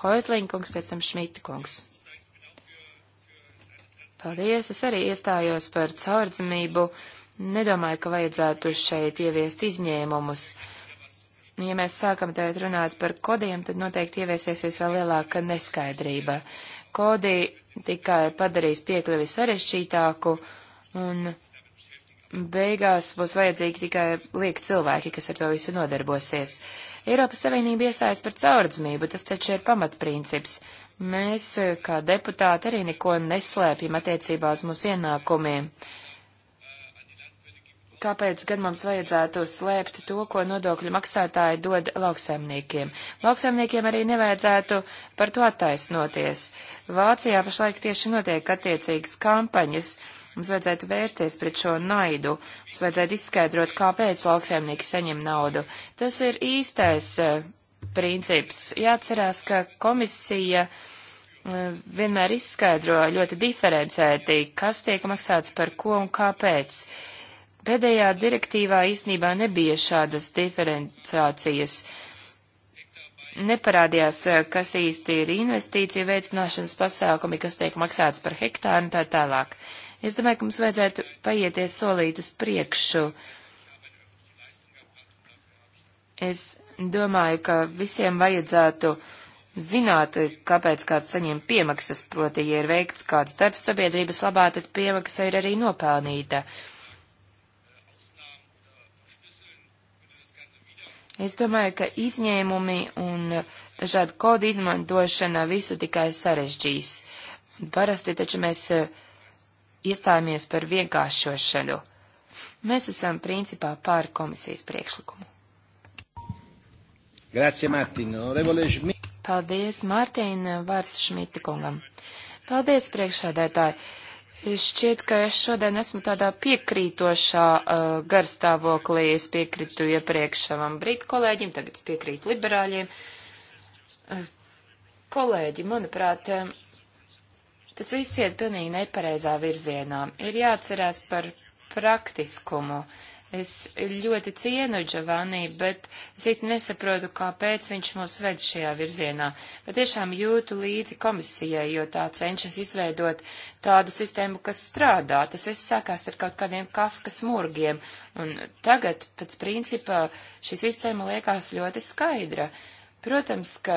Hoizlinkungs, pēc tam Šmita kungs. Paldies, es arī iestājos par caurdzamību. Nedomāju, ka vajadzētu šeit ieviest izņēmumus. Ja mēs sākam tagad runāt par kodiem, tad noteikti ieviesiesies vēl lielāka neskaidrība. Kodi tikai padarīs piekļuvi sarežģītāku un beigās būs vajadzīgi tikai lieki cilvēki, kas ar to visu nodarbosies. Eiropas Savienība iestājas par caurdzmību, tas taču ir pamatprincips. Mēs, eh, kā deputāti, arī neko neslēpjam attiecībā uz mūsu ienākumiem. Kāpēc gan mums vajadzētu slēpt to, ko nodokļu maksātāji dod lauksaimniekiem? Lauksaimniekiem arī nevajadzētu par to attaisnoties. Vācijā pašlaik tieši notiek attiecīgas kampaņas. Uh, Mums vajadzētu vērsties pret šo naidu, mums vajadzētu izskaidrot, kāpēc lauksaimnieki saņem naudu. Tas ir īstais uh, princips. Jāatcerās, ka komisija uh, vienmēr izskaidro ļoti diferencēti, kas tiek maksāts par ko un kāpēc. Pēdējā direktīvā īstenībā nebija šādas diferenciācijas neparādījās, eh, kas īsti ir investīcija veicināšanas pasākumi, kas tiek maksāts par hektāru un tā tālāk. Es domāju, ka mums vajadzētu paieties solīt uz priekšu. Es domāju, ka visiem vajadzētu zināt, kāpēc kāds saņem piemaksas, proti, ja ir veikts kāds darbs sabiedrības labā, tad piemaksa ir arī nopelnīta. Es domāju, ka izņēmumi un dažādu kodu izmantošana visu tikai sarežģīs. Parasti taču mēs uh, iestājāmies par vienkāršošanu. Mēs esam principā pār komisijas priekšlikumu. Grazie, Mārtiņ. Paldies, Mārtiņ, vārds Šmita kungam. Paldies, priekšsēdētāji. Šķiet, ka es šodien esmu tādā piekrītošā uh, garstāvoklī. Es piekrītu iepriekš savam brīt kolēģim, tagad es piekrītu liberāļiem. Uh, kolēģi, manuprāt, um, Tas viss iet pilnīgi nepareizā virzienā. Ir jāatcerās par praktiskumu. Es ļoti cienu Giovanni, bet es īsti nesaprotu, kāpēc viņš mūs ved šajā virzienā. Bet tiešām jūtu līdzi komisijai, jo tā cenšas izveidot tādu sistēmu, kas strādā. Tas viss sākās ar kaut kādiem kafkas murgiem, un tagad pēc principa šī sistēma liekas ļoti skaidra. Uh, Protams, ka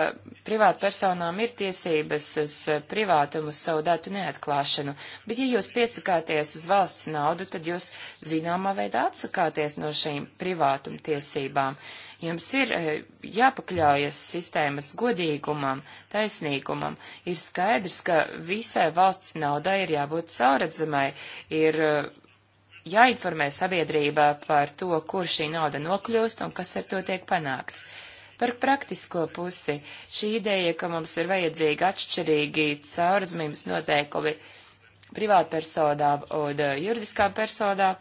privātpersonām ir tiesības uz eh, privātumu, uz savu datu neatklāšanu, bet ja jūs piesakāties uz valsts naudu, tad jūs zināmā veidā atsakāties no šīm privātuma tiesībām. Jums ir eh, jāpakļaujas sistēmas godīgumam, taisnīgumam. Ir skaidrs, ka visai valsts naudai ir jābūt sauredzamai, ir eh, jāinformē sabiedrībā par to, kur šī nauda nokļūst un kas ar to tiek panākts. Par praktisko pusi šī ideja, ka mums ir vajadzīgi atšķirīgi caurzmības noteikumi privātpersonām un uh, juridiskām personām,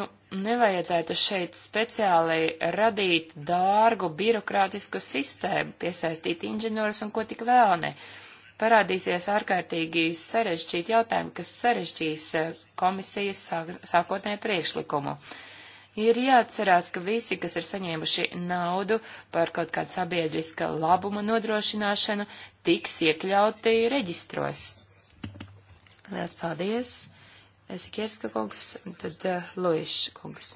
nu, nevajadzētu šeit speciāli radīt dārgu birokrātisku sistēmu, piesaistīt inženierus un ko tik vēl ne. Parādīsies ārkārtīgi sarežģīti jautājumi, kas sarežģīs uh, komisijas sāk, sākotnē priekšlikumu. Uh, Ir jāatcerās, ka visi, kas ir saņēmuši naudu par kaut kādu sabiedriska labuma nodrošināšanu, tiks iekļauti reģistros. Lielas paldies! Sikierska kungs, tad uh, Luiša kungs.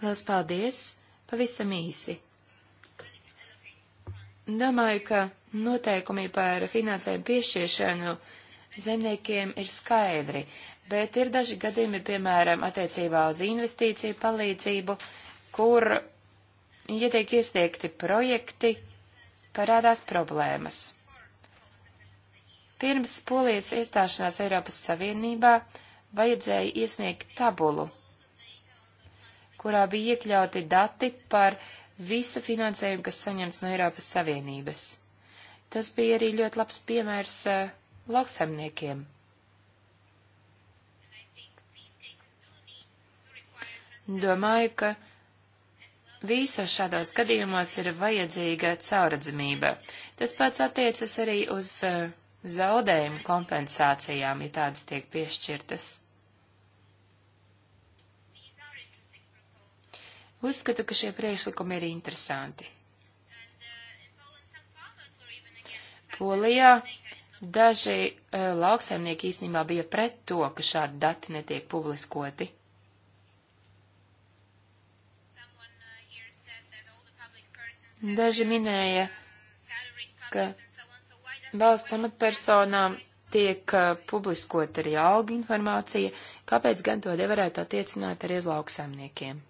Lielas paldies! Pavisam īsi. Domāju, ka noteikumi par finansējumu piešķiršanu zemniekiem ir skaidri bet ir daži gadījumi, piemēram, attiecībā uz investīciju palīdzību, kur, ja tiek iesniegti projekti, parādās problēmas. Pirms Polijas iestāšanās Eiropas Savienībā vajadzēja iesniegt tabulu, kurā bija iekļauti dati par visu finansējumu, kas saņems no Eiropas Savienības. Tas bija arī ļoti labs piemērs uh, lauksaimniekiem. Domāju, ka visos šādos gadījumos ir vajadzīga cauradzamība. Tas pats attiecas arī uz eh, zaudējumu kompensācijām, ja tādas tiek piešķirtas. Uzskatu, ka šie priekšlikumi ir interesanti. Polijā daži uh, lauksaimnieki īstenībā bija pret to, ka šādi dati netiek publiskoti. Daži minēja, ka valsts amatpersonām tiek uh, publiskot arī alga informācija, kāpēc gan to nevarētu attiecināt arī uz lauksaimniekiem?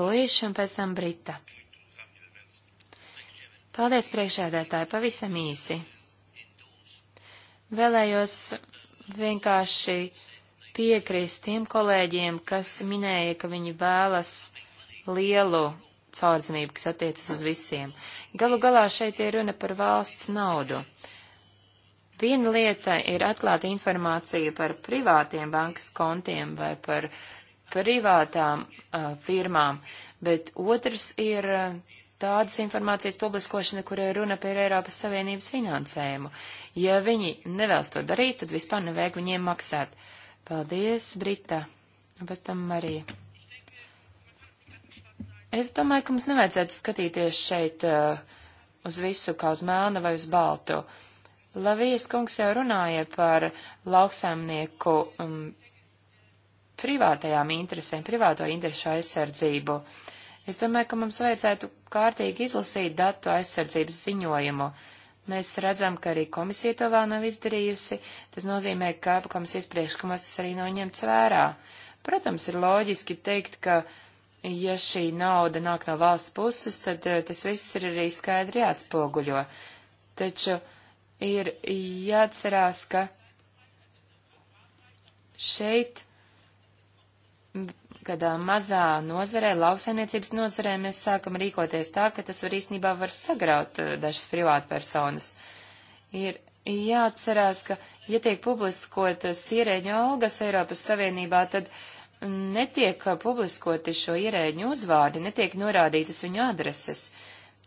Lūjišs un pēc tam Brita. Paldies priekšēdētāji, pavisam īsi. Vēlējos vienkārši piekrist tiem kolēģiem, kas minēja, ka viņi vēlas lielu caurdzamību, kas attiecas uz visiem. Galu galā šeit ir runa par valsts naudu. Viena lieta ir atklāta informācija par privātiem bankas kontiem vai par privātām uh, firmām, bet otrs ir uh, tādas informācijas publiskošana, kur ir runa par Eiropas Savienības finansējumu. Ja viņi nevēlas to darīt, tad vispār nevajag viņiem maksāt. Paldies, Brita, un pēc tam Marija. Es domāju, ka mums nevajadzētu skatīties šeit uh, uz visu kā uz melnu vai uz baltu. Lavijas kungs jau runāja par lauksaimnieku um, privātajām interesēm, privāto interešu aizsardzību. Es domāju, ka mums vajadzētu kārtīgi izlasīt datu aizsardzības ziņojumu. Mēs redzam, ka arī komisija to vēl nav izdarījusi, tas nozīmē, ka komisijas priekšlikumos tas arī nav ņemts vērā. Protams, ir loģiski teikt, ka uh, ja šī nauda nāk no valsts puses, tad eh, tas viss ir arī skaidri jāatspoguļo. Taču ir jāatcerās, ka šeit, kādā mazā nozarē, lauksainiecības nozarē, mēs sākam rīkoties tā, ka tas var īstenībā var sagraut eh, dažas privātpersonas. Ir jāatcerās, ka, ja tiek publiskotas ierēģu algas Eiropas Savienībā, tad uh, netiek uh, publiskoti šo ierēģu uzvārdi, netiek norādītas viņu adreses.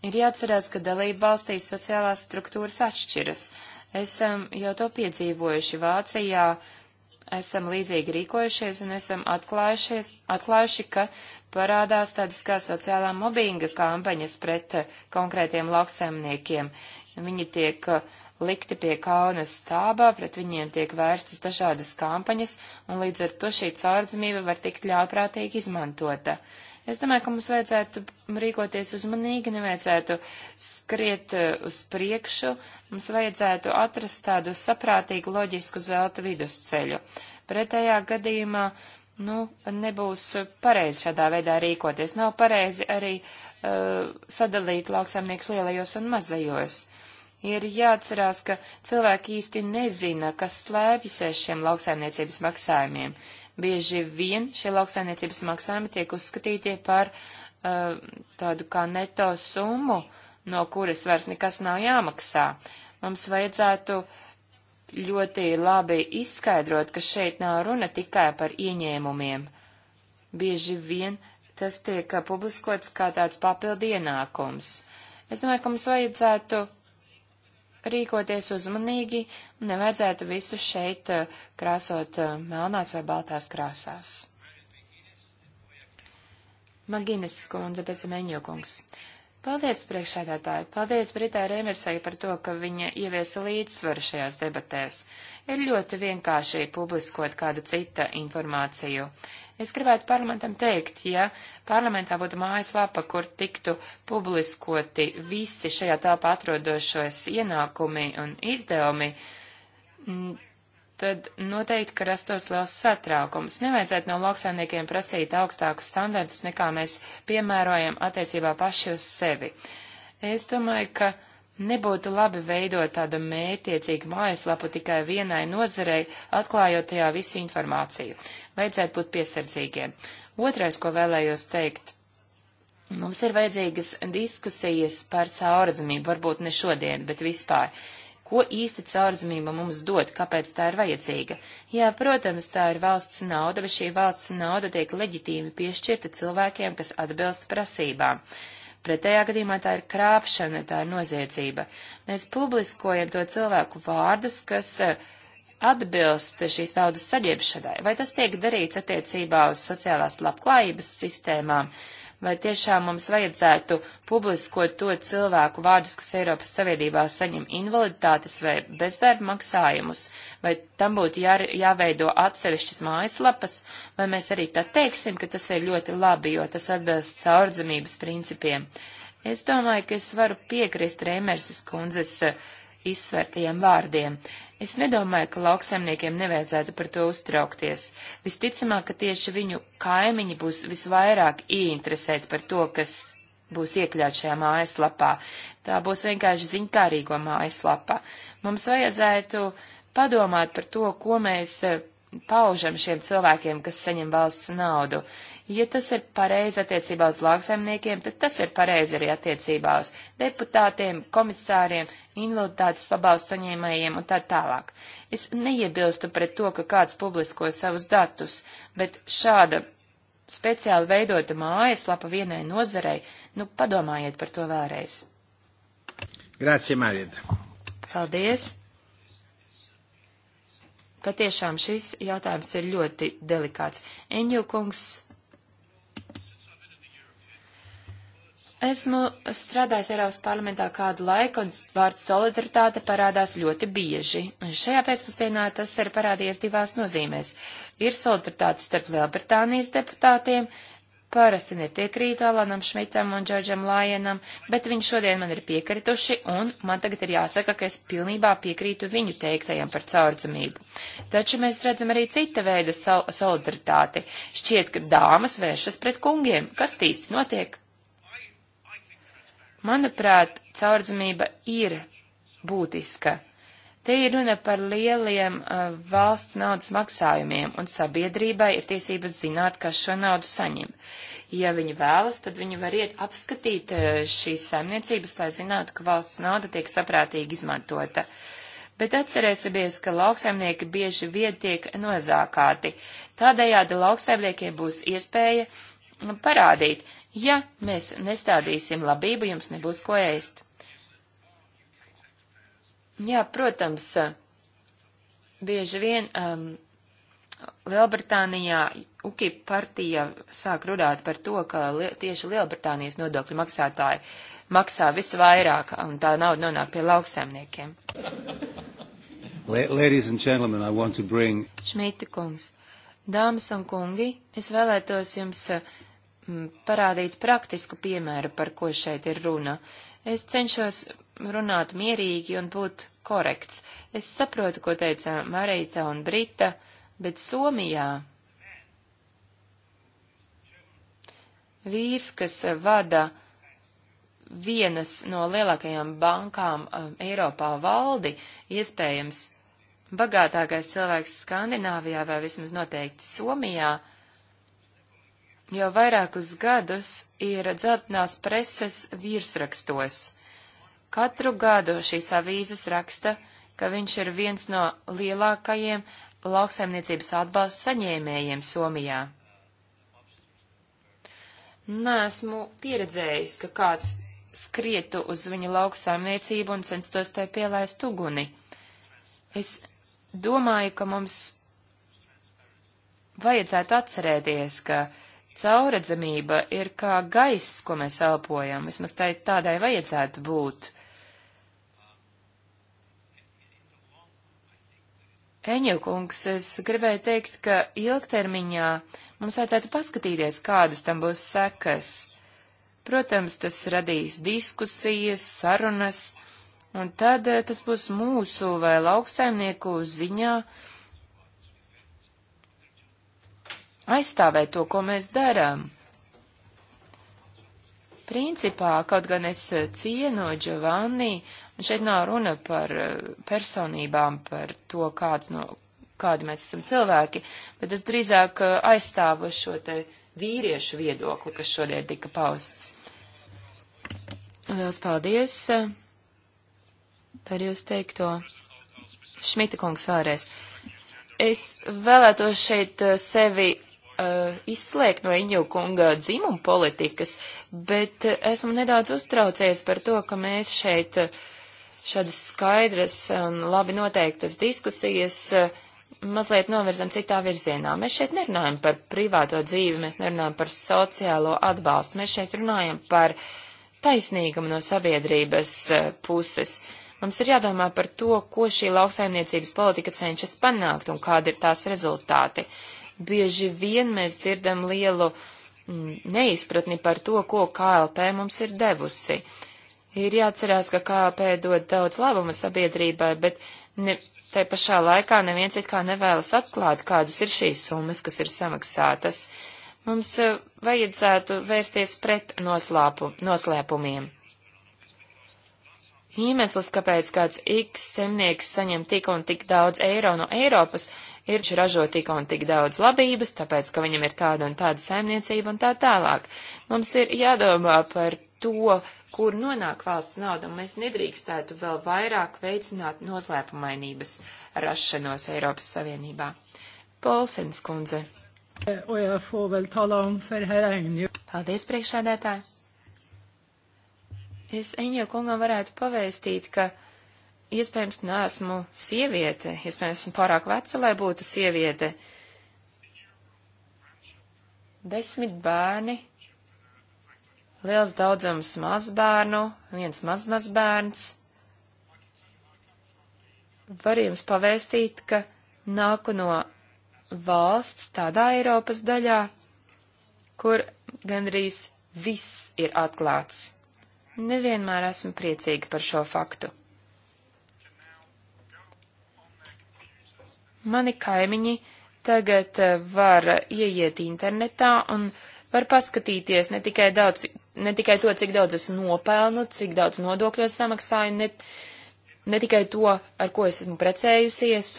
Ir jāatcerās, ka dalība valstīs sociālās struktūras atšķiras. Esam jau to piedzīvojuši Vācijā, esam līdzīgi rīkojušies un esam atklājuši, ka parādās tādas kā sociālā mobīnga kampaņas pret uh, konkrētiem lauksaimniekiem. Viņi tiek uh, likti pie kauna stāvā, pret viņiem tiek vērstas dažādas kampaņas, un līdz ar to šī caurdzamība var tikt ļāprātīgi izmantota. Es domāju, ka mums vajadzētu rīkoties uzmanīgi, nevajadzētu skriet eh, uz priekšu, mums vajadzētu atrast tādu saprātīgu loģisku zelta vidusceļu. Pretējā gadījumā nu, nebūs pareizi šādā veidā rīkoties. Nav pareizi arī uh, sadalīt lauksaimnieks lielajos un mazajos. Ir jāatcerās, ka cilvēki īsti nezina, kas slēpjas aiz šiem lauksaimniecības maksājumiem. Bieži vien šie lauksaimniecības maksājumi tiek uzskatīti par uh, tādu kā neto summu, no kuras vairs nekas nav jāmaksā. Mums vajadzētu ļoti labi izskaidrot, ka šeit nav runa tikai par ieņēmumiem. Bieži vien tas tiek publiskots kā tāds papildu ienākums. Es domāju, ka mums vajadzētu rīkoties uzmanīgi un nevajadzētu visu šeit eh, krāsot eh, melnās vai baltās krāsās. Maginis skundze bez meņokungs. Paldies, priekšsēdētāji! Paldies Britai Rēmersai par to, ka viņa ieviesa līdzsvaru šajās debatēs. Ir ļoti vienkārši publiskot kādu cita informāciju. Es gribētu parlamentam teikt, ja parlamentā būtu mājaslapa, kur tiktu publiskoti visi šajā telpā atrodošos ienākumi un izdevumi, tad noteikti, ka rastos liels satraukums. Nevajadzētu no lauksaimniekiem prasīt augstākus standartus, nekā mēs piemērojam attiecībā paši uz sevi. Es domāju, ka nebūtu labi veidot tādu mērķiecīgu mājaslapu tikai vienai nozarei, atklājot tajā visu informāciju. Vajadzētu būt piesardzīgiem. Otrais, ko vēlējos teikt. Mums ir vajadzīgas diskusijas par caurredzamību, varbūt ne šodien, bet vispār. Uh, ko īsti caurzemība mums dod, kāpēc tā ir vajadzīga. Jā, protams, tā ir valsts nauda, bet šī valsts nauda tiek leģitīmi piešķirta cilvēkiem, kas atbilst prasībām. Pretējā gadījumā tā ir krāpšana, tā ir noziedzība. Mēs publiskojam to cilvēku vārdus, kas uh, atbilst šīs naudas saģēbšanai, vai tas tiek darīts attiecībā uz sociālās labklājības sistēmām, vai tiešām mums vajadzētu publiskot to cilvēku vārdus, kas Eiropas Savienībā saņem invaliditātes vai bezdarba maksājumus, vai tam būtu jā, jāveido atsevišķas mājaslapas, vai mēs arī tā teiksim, ka tas ir ļoti labi, jo tas atbilst caurdzamības principiem. Es domāju, ka es varu piekrist Rēmerses kundzes uh, izsvērtajiem vārdiem. Es nedomāju, ka lauksaimniekiem nevajadzētu par to uztraukties. Visticamāk, ka tieši viņu kaimiņi būs visvairāk ieinteresēti par to, kas būs iekļauts šajā mājaslapā. Tā būs vienkārši ziņkārīgo mājaslapa. Mums vajadzētu padomāt par to, ko mēs eh, paužam šiem cilvēkiem, kas saņem valsts naudu. Ja tas ir pareizi attiecībā uz lauksaimniekiem, tad tas ir pareizi arī attiecībā uz deputātiem, komisāriem, invaliditātes pabalstu saņēmējiem un tā tālāk. Es neiebilstu pret to, ka kāds publisko savus datus, bet šāda speciāli veidota mājaslapa vienai nozarei, nu padomājiet par to vēlreiz. Grācija Mārija. Paldies. Patiešām šis jautājums ir ļoti delikāts. Eņģu kungs, esmu strādājis Eiropas parlamentā kādu laiku, un vārds solidaritāte parādās ļoti bieži. Un šajā pēcpusdienā tas ir parādījies divās nozīmēs. Ir solidaritāte starp Lielbritānijas deputātiem, parasti nepiekrītu Alanam Šmitam un Džordžam Lajenam, bet viņi šodien man ir piekrituši, un man tagad ir jāsaka, ka es pilnībā piekrītu viņu teiktajam par caurdzamību. Taču mēs redzam arī cita veida sol solidaritāti. Šķiet, ka dāmas vēršas pret kungiem. Kas tīsti notiek? Manuprāt, caurdzamība ir būtiska Te ir runa par lieliem uh, valsts naudas maksājumiem, un sabiedrībai ir tiesības zināt, kas šo naudu saņem. Ja viņi vēlas, tad viņi var iet apskatīt uh, šīs saimniecības, lai zinātu, ka valsts nauda tiek saprātīgi izmantota. Bet atcerēsimies, ka lauksaimnieki bieži vien tiek nozākāti. Tādējādi lauksaimniekiem būs iespēja parādīt, ja mēs nestādīsim labību, jums nebūs ko ēst. Jā, protams, bieži vien um, Lielbritānijā UKIP partija sāk runāt par to, ka li tieši Lielbritānijas nodokļu maksātāji maksā visvairāk, un tā nauda nonāk pie lauksaimniekiem. Ladies and gentlemen, I want to bring. Šmita kungs, dāmas un kungi, es vēlētos jums mm, parādīt praktisku piemēru, par ko šeit ir runa. Es cenšos runāt mierīgi un būt korekts. Es saprotu, ko teica Marita un Brita, bet Somijā vīrs, kas vada vienas no lielākajām bankām um, Eiropā valdi, iespējams bagātākais cilvēks Skandināvijā vai vismaz noteikti Somijā, jau vairākus gadus ir dzeltenās preses virsrakstos. Katru gadu šīs avīzes raksta, ka viņš ir viens no lielākajiem lauksaimniecības atbalsta saņēmējiem Somijā. Nesmu pieredzējis, ka kāds skrietu uz viņa lauksaimniecību un censtos tai pielaist uguni. Es domāju, ka mums vajadzētu atcerēties, ka cauredzamība ir kā gaiss, ko mēs elpojam, vismaz tai tādai vajadzētu būt. Eņukungs, es gribēju teikt, ka ilgtermiņā mums vajadzētu paskatīties, kādas tam būs sekas. Protams, tas radīs diskusijas, sarunas, un tad eh, tas būs mūsu vai lauksaimnieku ziņā aizstāvēt to, ko mēs darām. Principā, kaut gan es cienu Giovanni, uh, Un šeit nav runa par eh, personībām, par to, kāds no, kādi mēs esam cilvēki, bet es drīzāk eh, aizstāvu šo te vīriešu viedokli, kas šodien tika pausts. Liels paldies eh, par jūs teikto. Šmita kungs vēlreiz. Es vēlētos šeit sevi uh, izslēgt no Iņu kunga dzimuma politikas, bet esmu nedaudz uztraucies par to, ka mēs šeit uh, šādas skaidras un labi noteiktas diskusijas eh, mazliet novirzam citā virzienā. Mēs šeit nerunājam par privāto dzīvi, mēs nerunājam par sociālo atbalstu, mēs šeit runājam par taisnīgumu no sabiedrības eh, puses. Mums ir jādomā par to, ko šī lauksaimniecības politika cenšas panākt un kādi ir tās rezultāti. Bieži vien mēs dzirdam lielu mm, neizpratni par to, ko KLP mums ir devusi. Uh, Ir jāatcerās, ka KLP dod daudz labuma sabiedrībai, bet ne, tai pašā laikā neviens it kā nevēlas atklāt, kādas ir šīs summas, kas ir samaksātas. Mums eh, vajadzētu vērsties pret noslāpu, noslēpumiem. Iemesls, kāpēc kāds X zemnieks saņem tik un tik daudz eiro no Eiropas, ir viņš ražo tik un tik daudz labības, tāpēc, ka viņam ir tāda un tāda saimniecība un tā tālāk. Mums ir jādomā par to, kur nonāk valsts nauda, un mēs nedrīkstētu vēl vairāk veicināt noslēpumainības rašanos Eiropas Savienībā. Polsens kundze. Paldies, priekšādētāji! Es Eņģo kungam varētu pavēstīt, ka iespējams neesmu sieviete, iespējams esmu pārāk veca, lai būtu sieviete. Desmit bērni liels daudzums mazbērnu, viens mazmazbērns. Var jums pavēstīt, ka nāku no valsts tādā Eiropas daļā, kur gandrīz viss ir atklāts. Nevienmēr esmu priecīga par šo faktu. Mani kaimiņi tagad eh, var ieiet internetā un var paskatīties ne tikai daudz ne tikai to, cik daudz es nopelnu, cik daudz nodokļu es samaksāju, ne, ne tikai to, ar ko es esmu precējusies,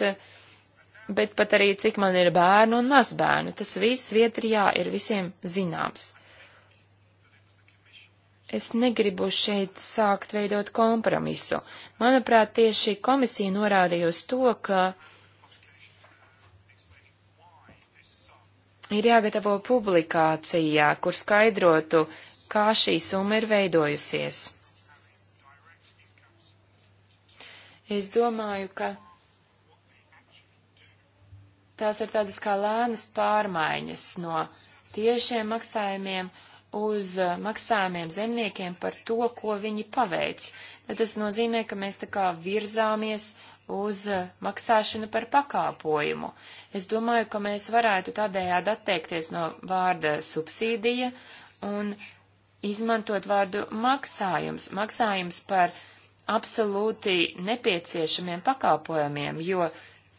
bet pat arī, cik man ir bērnu un mazbērnu. Tas viss vietrijā ir visiem zināms. Es negribu šeit sākt veidot kompromisu. Manuprāt, tieši komisija norādīja uz to, ka ir jāgatavo publikācijā, kur skaidrotu, kā šī summa ir veidojusies. Es domāju, ka tās ir tādas kā lēnas pārmaiņas no tiešiem maksājumiem uz uh, maksājumiem zemniekiem par to, ko viņi paveic. Tad tas nozīmē, ka mēs tā kā virzāmies uz uh, maksāšanu par pakāpojumu. Es domāju, ka mēs varētu tādējādi atteikties no vārda subsīdija un izmantot vārdu maksājums, maksājums par absolūti nepieciešamiem pakalpojumiem, jo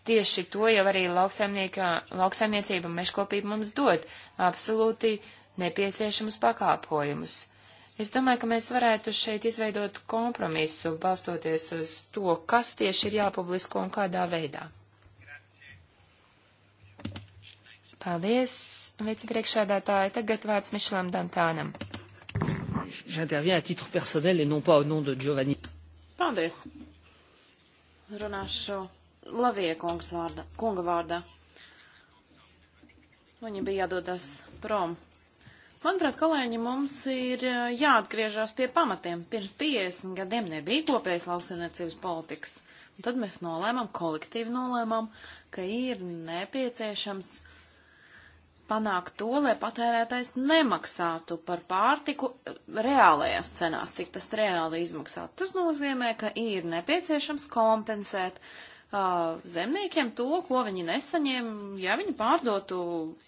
tieši to jau arī lauksaimniecība un meškopība mums dod - absolūti nepieciešamus pakalpojumus. Es domāju, ka mēs varētu šeit izveidot kompromisu, balstoties uz to, kas tieši ir jāpublisko un kādā veidā. Paldies, vicepriekšādātāji. Tagad vārds Mišelam Dantānam. J'interviens à titre personnel et non pas au nom de Giovanni. Paldies. Runāšu Lavija kungs vārda, kunga vārdā. Viņa bija jādodas prom. Manuprāt, kolēģi, mums ir jāatgriežas pie pamatiem. Pirms 50 gadiem nebija kopējas lauksainiecības politikas. Un tad mēs nolēmām, kolektīvi nolēmām, ka ir nepieciešams uh, panākt to, lai patērētājs nemaksātu par pārtiku reālajās cenās, cik tas reāli izmaksā. Tas nozīmē, ka ir nepieciešams kompensēt uh, zemniekiem to, ko viņi nesaņem, ja viņi pārdotu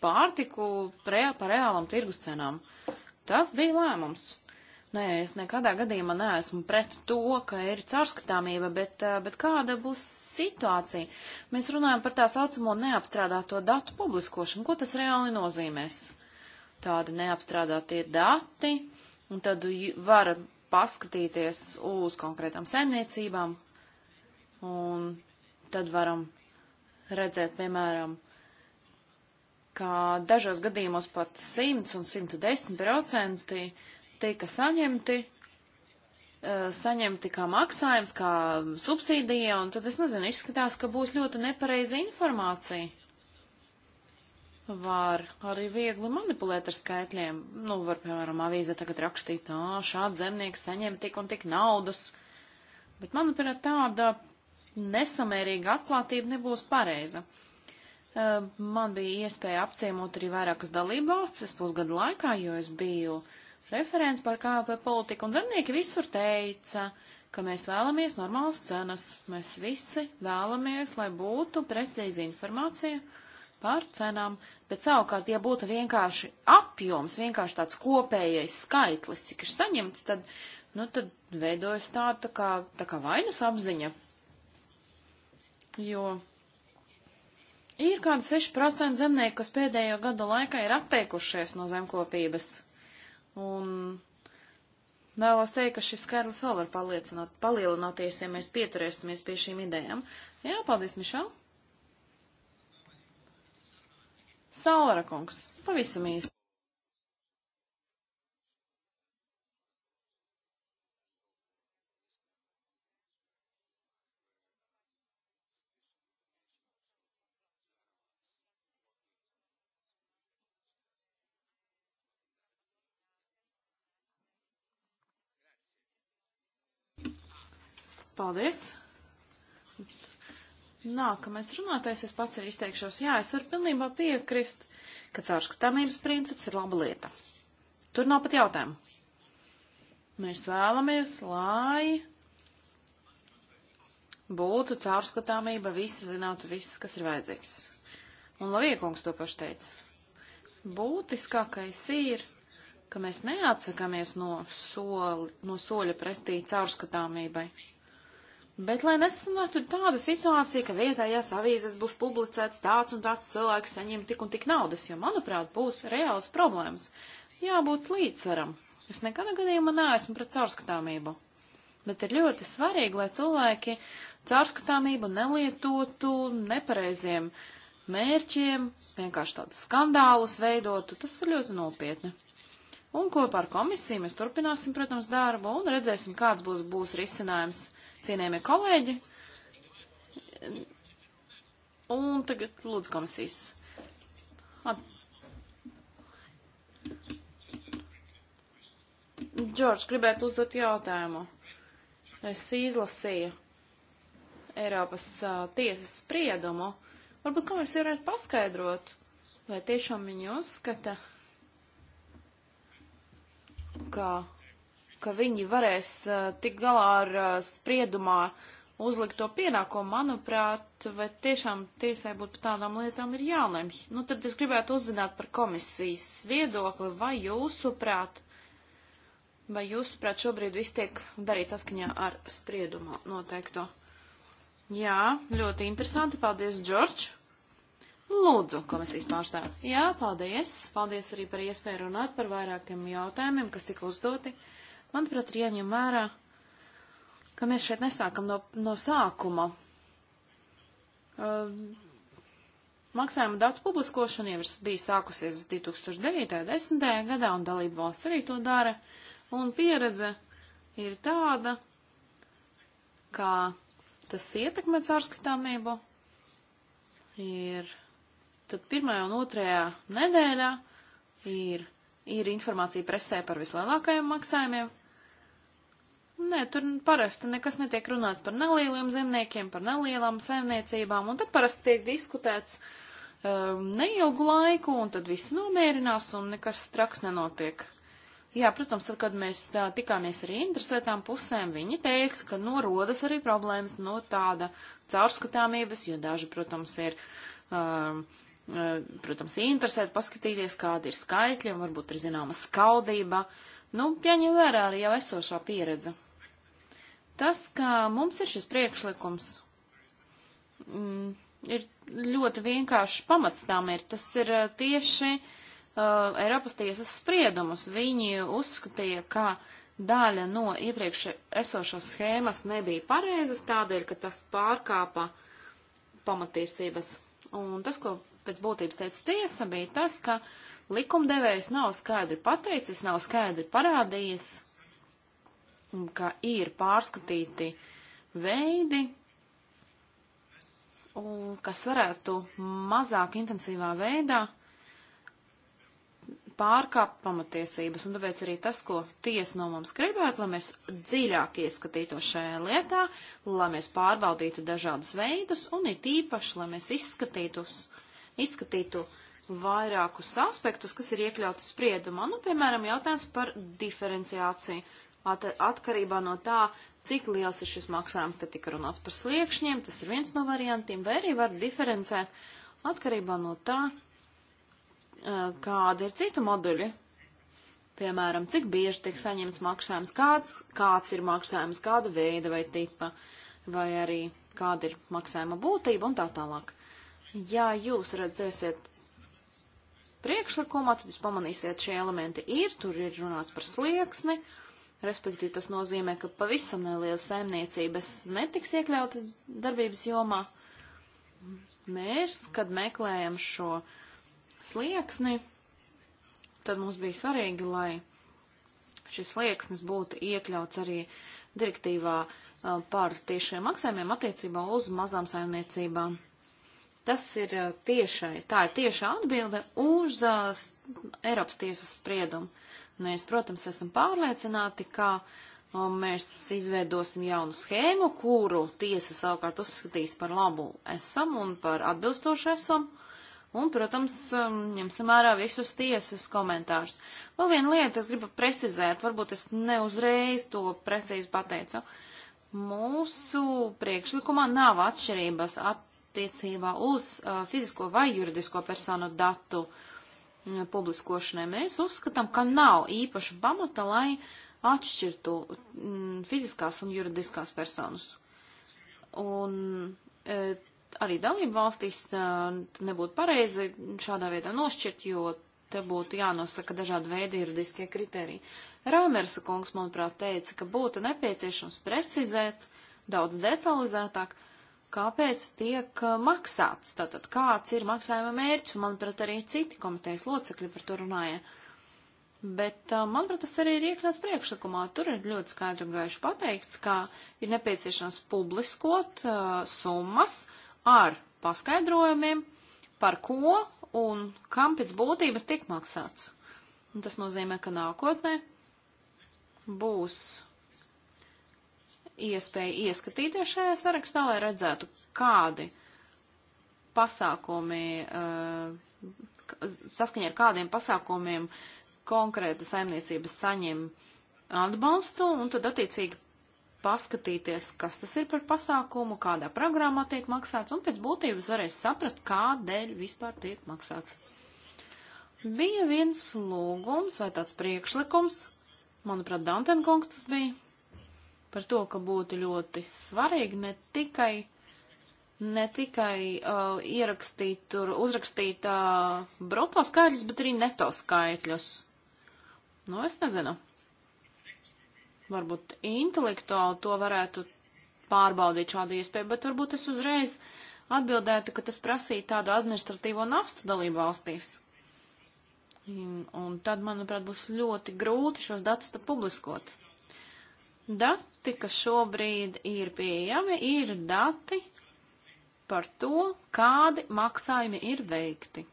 pārtiku pre, par reālam tirgus cenām. Tas bija lēmums. Nē, es nekādā gadījumā neesmu pret to, ka ir caurskatāmība, bet, eh, bet kāda būs situācija? Mēs runājam par tā saucamo neapstrādāto datu publiskošanu. Ko tas reāli nozīmēs? Tādi neapstrādātie dati, un tad var paskatīties uz konkrētām saimniecībām, un tad varam redzēt, piemēram, ka dažos gadījumos pat 100 un 110 procenti tika saņemti, eh, saņemti kā maksājums, kā subsīdija, un tad es nezinu, izskatās, ka būs ļoti nepareiza informācija. Var arī viegli manipulēt ar skaitļiem. Nu, var, piemēram, avīze tagad rakstīt, tā, šāds zemnieks saņem tik un tik naudas. Bet, manuprāt, tāda nesamērīga atklātība nebūs pareiza. Eh, man bija iespēja apciemot arī vairākas dalībvalstis pusgadu laikā, jo es biju uh, referents par KLP politiku, un zemnieki visur teica, ka mēs vēlamies normālas cenas. Mēs visi vēlamies, lai būtu precīzi informācija par cenām, bet savukārt, ja būtu vienkārši apjoms, vienkārši tāds kopējais skaitlis, cik ir saņemts, tad, nu, tad veidojas tā, tā kā, tā kā vainas apziņa. Jo ir kādi 6% zemnieki, kas pēdējo gadu laikā ir atteikušies no zemkopības. Un vēlos teikt, ka šis skaidrs vēl var paliecināt, palielināties, ja mēs pieturēsimies pie šīm idejām. Jā, paldies, Mišel. Salvara kungs, pavisam īsti. Paldies! Nākamais runātais, es pats arī izteikšos, jā, es varu pilnībā piekrist, ka caurskatāmības princips ir laba lieta. Tur nav pat jautājumu. Mēs vēlamies, lai būtu caurskatāmība, visi zinātu viss, kas ir vajadzīgs. Un Laviekungs to pašu teica. Būtiskākais ir, ka mēs neatsakāmies no, soli, no soļa pretī caurskatāmībai. Bet, lai nesanāktu tāda situācija, ka vietējās avīzes būs publicēts tāds un tāds cilvēks saņem tik un tik naudas, jo, manuprāt, būs reāls problēmas. Jābūt līdzsvaram. Es nekādā gadījumā neesmu pret caurskatāmību. Bet ir ļoti svarīgi, lai cilvēki caurskatāmību nelietotu nepareiziem mērķiem, vienkārši tādus skandālus veidotu. Tas ir ļoti nopietni. Un kopā ar komisiju mēs turpināsim, protams, darbu un redzēsim, kāds būs, būs risinājums cienējamie kolēģi. Un tagad lūdzu komisijas. At... Džordž, gribētu uzdot jautājumu. Es izlasīju Eiropas uh, tiesas spriedumu. Varbūt komisija varētu paskaidrot, vai tiešām viņi uzskata, ka ka viņi varēs uh, tik galā ar uh, spriedumā uzlikto pienākumu, manuprāt, vai tiešām tiesai būtu par tādām lietām ir jālemj. Nu, tad es gribētu uzzināt par komisijas viedokli, vai jūsuprāt, vai jūsuprāt šobrīd viss tiek darīts saskaņā ar spriedumu noteikto. Jā, ļoti interesanti. Paldies, Džordž. Lūdzu, komisijas pārstāv. Jā, paldies. Paldies arī par iespēju runāt par vairākiem jautājumiem, kas tika uzdoti. Uh, Manuprāt, ir jāņem vērā, ka mēs šeit nesākam no, no sākuma. Uh, ehm, Maksājuma datu publiskošana jau bija sākusies 2009. un 10. gadā, un dalību valsts arī to dara. Un pieredze ir tāda, ka tas ietekmē caurskatāmību. Ir tad pirmajā un otrajā nedēļā ir, ir informācija presē par vislielākajiem maksājumiem, Nē, tur parasti nekas netiek runāts par nelieliem zemniekiem, par nelielām saimniecībām, un tad parasti tiek diskutēts um, neilgu laiku, un tad viss nomierinās, un nekas straks nenotiek. Jā, protams, tad, kad mēs tā, tikāmies ar interesētām pusēm, viņi teiks, ka norodas arī problēmas no tāda caurskatāmības, jo daži, protams, ir. Um, uh, protams, interesēt, paskatīties, kāda ir skaitļa, varbūt ir zināma skaudība. Nu, pieņem vērā arī jau esošā pieredze. Tas, ka mums ir šis priekšlikums, mm, ir ļoti vienkāršs pamats tam ir. Tas ir eh, tieši uh, Eiropas tiesas spriedumus. Viņi uzskatīja, ka daļa no iepriekš esošās schēmas nebija pareizas tādēļ, ka tas pārkāpa pamatiesības. Un tas, ko pēc būtības teica tiesa, bija tas, ka likumdevējs nav skaidri pateicis, nav skaidri parādījis, ka ir pārskatīti veidi, kas varētu mazāk intensīvā veidā pārkāpt pamatiesības, un tāpēc arī tas, ko tiesa no mums gribētu, lai mēs dziļāk ieskatītos šajā lietā, lai mēs pārbaudītu dažādus veidus, un it īpaši, lai mēs izskatītus, izskatītu vairākus aspektus, kas ir iekļauti spriedumā, nu, piemēram, jautājums par diferenciāciju, at atkarībā no tā, cik liels ir šis maksājums, te tika runāts par sliekšņiem, tas ir viens no variantiem, vai arī var diferencēt atkarībā no tā, kāda ir cita moduļa. Piemēram, cik bieži tiek saņemts maksājums, kāds, kāds ir maksājums, kāda veida vai tipa, vai arī kāda ir maksājuma būtība un tā tālāk. Ja jūs redzēsiet priekšlikumā, tad jūs pamanīsiet, šie elementi ir, tur ir runāts par slieksni, uh, Respektīvi, tas nozīmē, ka pavisam nelielas saimniecības netiks iekļautas darbības jomā. Mērs, kad meklējam šo slieksni, tad mums bija svarīgi, lai šis slieksnis būtu iekļauts arī direktīvā par tiešiem maksājumiem attiecībā uz mazām saimniecībām. Tas ir tiešai, tā ir tieša atbilde uz uh, Eiropas tiesas spriedumu. Mēs, protams, esam pārliecināti, ka um, mēs izveidosim jaunu schēmu, kuru tiesa savukārt uzskatīs par labu esam un par atbilstošu esam. Un, protams, um, ņemsim vērā visus tiesas komentārus. Vēl viena lieta, es gribu precizēt, varbūt es neuzreiz to precīzi pateicu. Mūsu priekšlikumā nav atšķirības attiecībā uz uh, fizisko vai juridisko personu datu uh, Mm, publiskošanai. Mēs uzskatām, ka nav īpaša pamata, lai atšķirtu mm, fiziskās un juridiskās personas. Un e, arī dalību valstīs e, nebūtu pareizi šādā veidā nošķirt, jo te būtu jānosaka dažādi veidi juridiskie kriteriji. Rāmersa kungs, manuprāt, teica, ka būtu nepieciešams precizēt daudz detalizētāk, kāpēc tiek uh, maksāts, tātad kāds ir maksājuma mērķis, un manuprāt, arī citi komitejas locekļi par to runāja. Bet, uh, manuprāt, tas arī ir iekļauts priekšlikumā. Tur ir ļoti skaidri un gaiši pateikts, ka ir nepieciešams publiskot uh, summas ar paskaidrojumiem, par ko un kam pēc būtības tiek maksāts. Un tas nozīmē, ka nākotnē būs iespēju ieskatīties šajā sarakstā, lai redzētu, kādi pasākumi, eh, saskaņā ar kādiem pasākumiem konkrēta saimniecība saņem atbalstu, un tad attiecīgi paskatīties, kas tas ir par pasākumu, kādā programmā tiek maksāts, un pēc būtības varēs saprast, kādēļ vispār tiek maksāts. Bija viens lūgums vai tāds priekšlikums, manuprāt, Dantēnkungs tas bija, par to, ka būtu ļoti svarīgi ne tikai, ne tikai uh, ierakstīt tur, uzrakstīt uh, broto skaitļus, bet arī neto skaitļus. Nu, es nezinu. Varbūt intelektuāli to varētu pārbaudīt šādu iespēju, bet varbūt es uzreiz atbildētu, ka tas prasīja tādu administratīvo nastu dalību valstīs. Un tad, manuprāt, būs ļoti grūti šos datus tad publiskot. Dati, kas šobrīd ir pieejami, ir dati par to, kādi maksājumi ir veikti.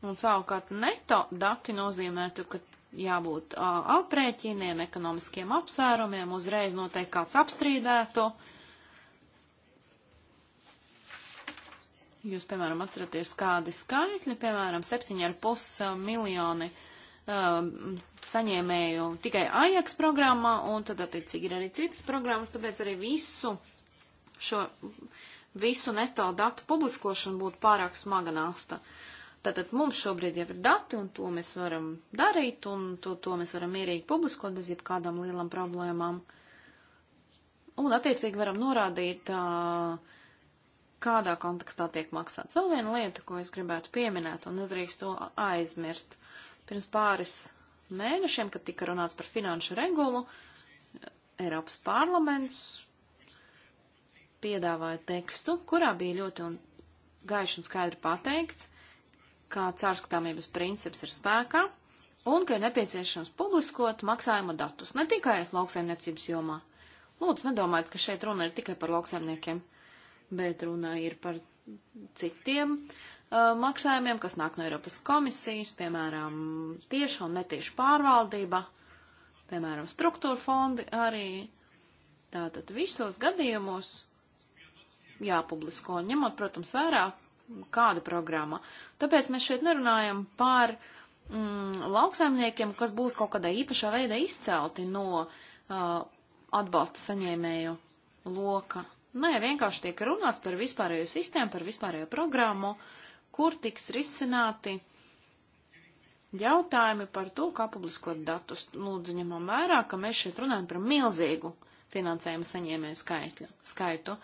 Un savukārt neto dati nozīmētu, ka jābūt uh, aprēķiniem, ekonomiskiem apsvērumiem, uzreiz noteikti kāds apstrīdēto. Jūs, piemēram, atceraties kādi skaitļi, piemēram, 7,5 miljoni uh, Um, saņēmēju tikai AIEX programmā, un tad attiecīgi ir arī citas programmas, tāpēc arī visu šo visu neto datu publiskošanu būtu pārāk smaga nasta. Tātad mums šobrīd jau ir dati, un to mēs varam darīt, un to, to mēs varam mierīgi publiskot bez jebkādām lielām problēmām. Un, attiecīgi, varam norādīt, kādā kontekstā tiek maksāts. Vēl viena lieta, ko es gribētu pieminēt, un nedrīkst to aizmirst. Uh, Pirms pāris mēnešiem, kad tika runāts par finanšu regulu, Eiropas parlaments piedāvāja tekstu, kurā bija ļoti un gaiši un skaidri pateikts, kā cārskatāmības princips ir spēkā un ka ir nepieciešams publiskot maksājuma datus ne tikai lauksaimniecības jomā. Lūdzu, nedomājiet, ka šeit runa ir tikai par lauksaimniekiem, bet runa ir par citiem uh, Uh, maksājumiem, kas nāk no Eiropas komisijas, piemēram, tieša un netieša pārvaldība, piemēram, struktūra fondi arī. Tātad visos gadījumos jāpublisko, ņemot, protams, vērā kāda programma. Tāpēc mēs šeit nerunājam par mm, lauksaimniekiem, kas būtu kaut kādā īpašā veidā izcelti no uh, atbalsta saņēmēju loka. Nē, vienkārši tiek runāts par vispārējo sistēmu, par vispārējo programmu. Uh, kur tiks risināti jautājumi par to, kā publiskot datus. Lūdzu, ņemam vērā, ka mēs šeit runājam par milzīgu finansējuma saņēmēju skaitļu, skaitu.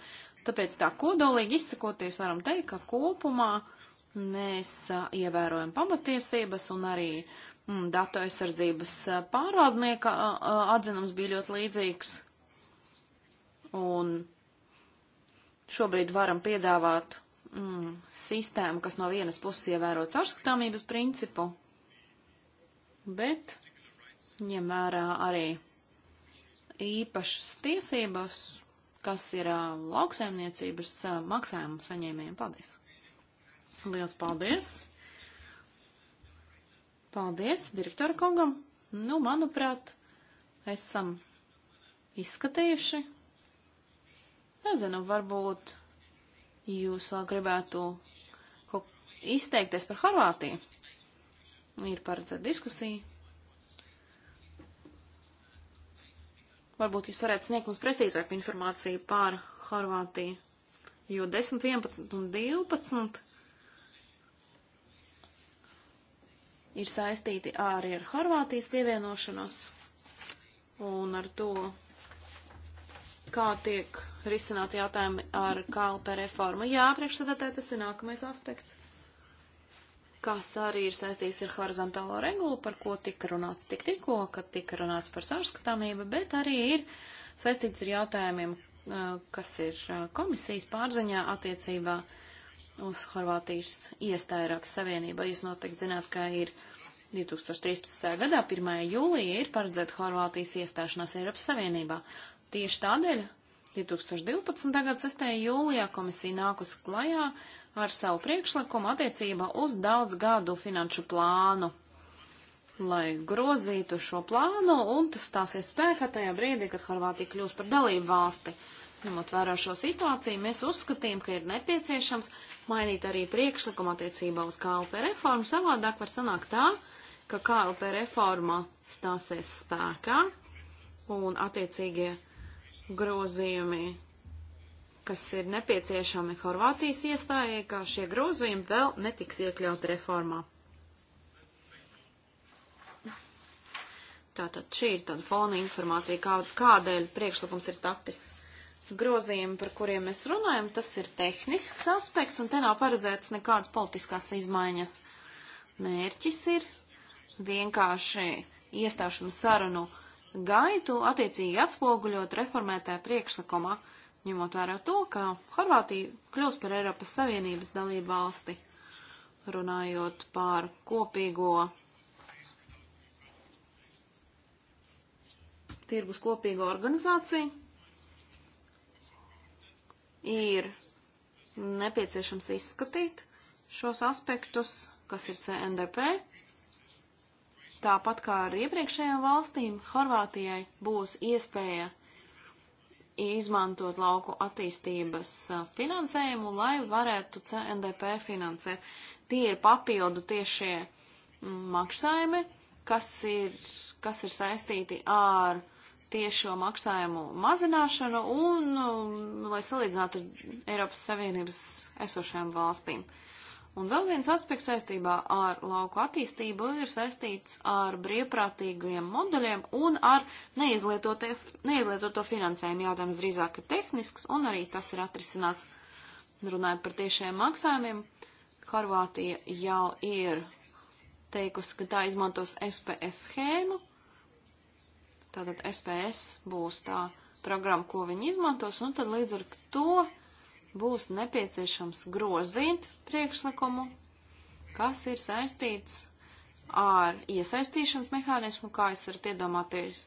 Tāpēc tā kodolīgi izsakoties varam teikt, ka kopumā mēs a, ievērojam pamatiesības un arī mm, datu aizsardzības pārvaldnieka a, a, atzinums bija ļoti līdzīgs. Un šobrīd varam piedāvāt mm, sistēmu, kas no vienas puses ievēro caurskatāmības principu, bet ņem vērā arī īpašas tiesības, kas ir uh, lauksaimniecības uh, maksājumu saņēmējiem. Paldies! Liels paldies! Paldies direktora kungam! Nu, manuprāt, esam izskatījuši. Nezinu, varbūt jūs vēl gribētu izteikties par Horvātiju. Ir paredzēta diskusija. Varbūt jūs varētu sniegt mums precīzāku informāciju par Horvātiju. Jo 10, 11 un 12 ir saistīti arī ar Horvātijas pievienošanos un ar to, kā tiek risināt jautājumi ar KLP reformu. Jā, priekšstādātāji, tas ir nākamais aspekts, kas arī ir saistīts ar horizontālo regulu, par ko tika runāts tik tikko, kad tika runāts par sarskatāmību, bet arī ir saistīts ar jautājumiem, kas ir komisijas pārziņā attiecībā uz Horvātijas iestāju Eiropas Savienībā. Jūs noteikti zināt, ka ir 2013. gadā 1. jūlijā ir paredzēta Horvātijas iestāšanās Eiropas Savienībā. Tieši tādēļ 2012. gada 6. jūlijā komisija nākusi klajā ar savu priekšlikumu attiecībā uz daudz gadu finanšu plānu, lai grozītu šo plānu, un tas stāsies spēkā tajā brīdī, kad Horvātija kļūs par dalību valsti. Ņemot vērā šo situāciju, mēs uzskatījām, ka ir nepieciešams mainīt arī priekšlikumu attiecībā uz KLP reformu. Savādāk var sanākt tā, ka KLP reforma stāsies spēkā un attiecīgie grozījumi, kas ir nepieciešami Horvātijas iestājai, ka šie grozījumi vēl netiks iekļauti reformā. Tātad šī ir tāda fona informācija, kā, kādēļ priekšlikums ir tapis. Grozījumi, par kuriem mēs runājam, tas ir tehnisks aspekts, un te nav paredzēts nekādas politiskās izmaiņas. Mērķis ir vienkārši iestāšanas sarunu uh, gaitu attiecīgi atspoguļot reformētajā priekšlikumā, ņemot vērā to, ka Horvātija kļūs par Eiropas Savienības dalību valsti, runājot par kopīgo tirgus kopīgo organizāciju, ir nepieciešams izskatīt šos aspektus, kas ir CNDP, Tāpat kā ar iepriekšējām valstīm, Horvātijai būs iespēja izmantot lauku attīstības uh, finansējumu, lai varētu CNDP finansēt. Tie ir papildu tiešie mm, maksājumi, kas ir, kas ir saistīti ar tiešo maksājumu mazināšanu un, um, lai salīdzinātu Eiropas Savienības esošajām valstīm. Uh, Un vēl viens aspekts saistībā ar lauku attīstību ir saistīts ar brīvprātīgajiem moduļiem un ar neizlietoto finansējumu. Jautājums drīzāk ir tehnisks, un arī tas ir atrisināts. Runājot par tiešiem maksājumiem, Horvātija jau ir teikusi, ka tā izmantos SPS schēmu. Tātad SPS būs tā programma, ko viņi izmantos, un tad līdz ar to būs nepieciešams grozīt priekšlikumu, kas ir saistīts ar iesaistīšanas mehānismu, kā es varat iedomāties.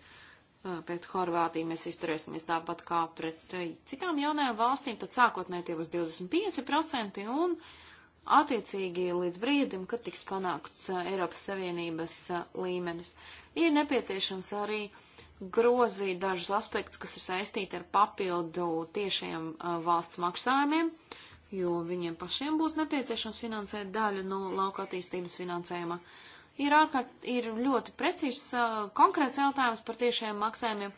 Pret Horvātiju mēs izturēsimies tāpat kā pret citām jaunajām valstīm, tad sākotnēji tie būs 25% un attiecīgi līdz brīdim, kad tiks panākts Eiropas Savienības līmenis. Ir nepieciešams arī uh, grozīt dažus aspektus, kas ir saistīti ar papildu tiešiem uh, valsts maksājumiem, jo viņiem pašiem būs nepieciešams finansēt daļu no lauka attīstības finansējuma. Ir, ārkārt, ir ļoti precīzs uh, konkrēts jautājums par tiešiem maksājumiem,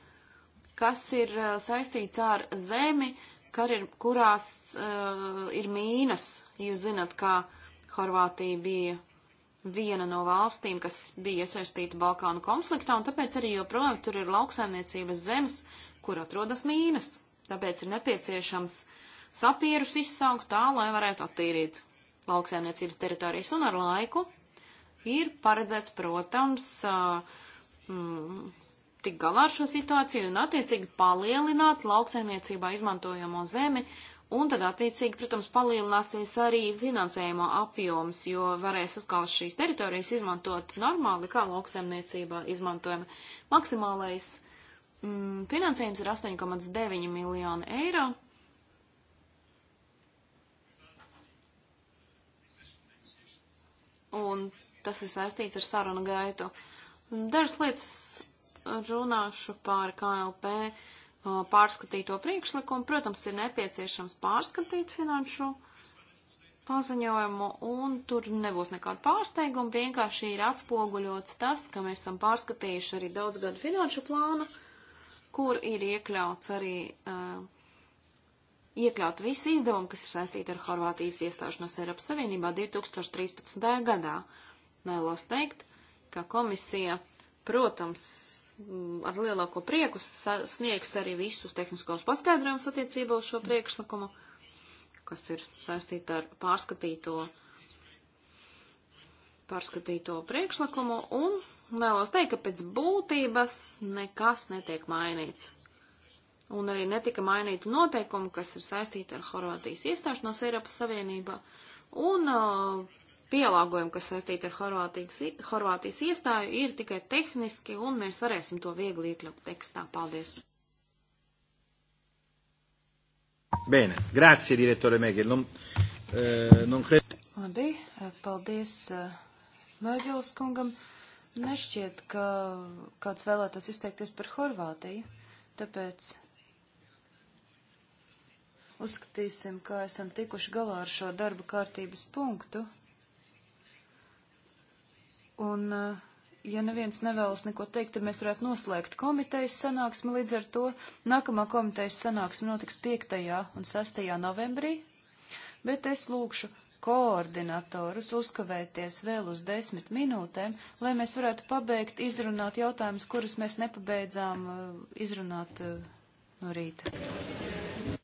kas ir uh, saistīts ar zemi, kar ir, kurās uh, ir mīnas. Jūs zinat, kā Horvātija bija viena no valstīm, kas bija iesaistīta Balkānu konfliktā, un tāpēc arī joprojām tur ir lauksaimniecības zemes, kur atrodas mīnas. Tāpēc ir nepieciešams sapierus izsaukt tā, lai varētu attīrīt lauksaimniecības teritorijas, un ar laiku ir paredzēts, protams, mm, tik galā ar šo situāciju un attiecīgi palielināt lauksaimniecībā izmantojamo zemi Un tad, attiecīgi, protams, palielināsies arī finansējuma apjoms, jo varēs atkal šīs teritorijas izmantot normāli, kā lauksaimniecībā izmantojam. Maksimālais mm, finansējums ir 8,9 miljoni eiro. Un tas ir saistīts ar sarunu gaitu. Dažas lietas runāšu par KLP. Uh, pārskatīto priekšlikumu. Protams, ir nepieciešams pārskatīt finanšu paziņojumu, un tur nebūs nekāda pārsteiguma. Vienkārši ir atspoguļots tas, ka mēs esam pārskatījuši arī daudzgadu finanšu plānu, kur ir iekļauts arī uh, iekļaut visi izdevumi, kas ir saistīti ar Horvātijas iestāšanos Eiropas Savienībā 2013. gadā. Vēlos teikt, ka komisija, protams, Mm, ar lielāko prieku sniegs arī visus tehniskos paskaidrojumus attiecībā uz šo priekšlikumu, kas ir saistīta ar pārskatīto, pārskatīto priekšlikumu, un vēlos teikt, ka pēc būtības nekas netiek mainīts. Un arī netika mainīta noteikuma, kas ir saistīta ar Horvātijas iestāšanos Eiropas Savienībā, un uh, pielāgojumi, kas saistīti ar Horvātijas, Horvātijas iestāju, ir tikai tehniski, un mēs varēsim to viegli iekļaut tekstā. Paldies! Bene, grazie, direttore Megel. Non, eh, non cred... Labi, eh, paldies uh, eh, Megels kungam. Nešķiet, ka kāds vēlētos izteikties par Horvātiju, tāpēc uzskatīsim, kā esam tikuši galā ar šo darba kārtības punktu. Un, eh, ja neviens nevēlas neko teikt, tad mēs varētu noslēgt komitejas sanāksmi līdz ar to. Nākamā komitejas sanāksme notiks 5. un 6. novembrī, bet es lūkšu koordinatorus uzkavēties vēl uz desmit minūtēm, lai mēs varētu pabeigt izrunāt jautājumus, kurus mēs nepabeidzām eh, izrunāt eh, no rīta.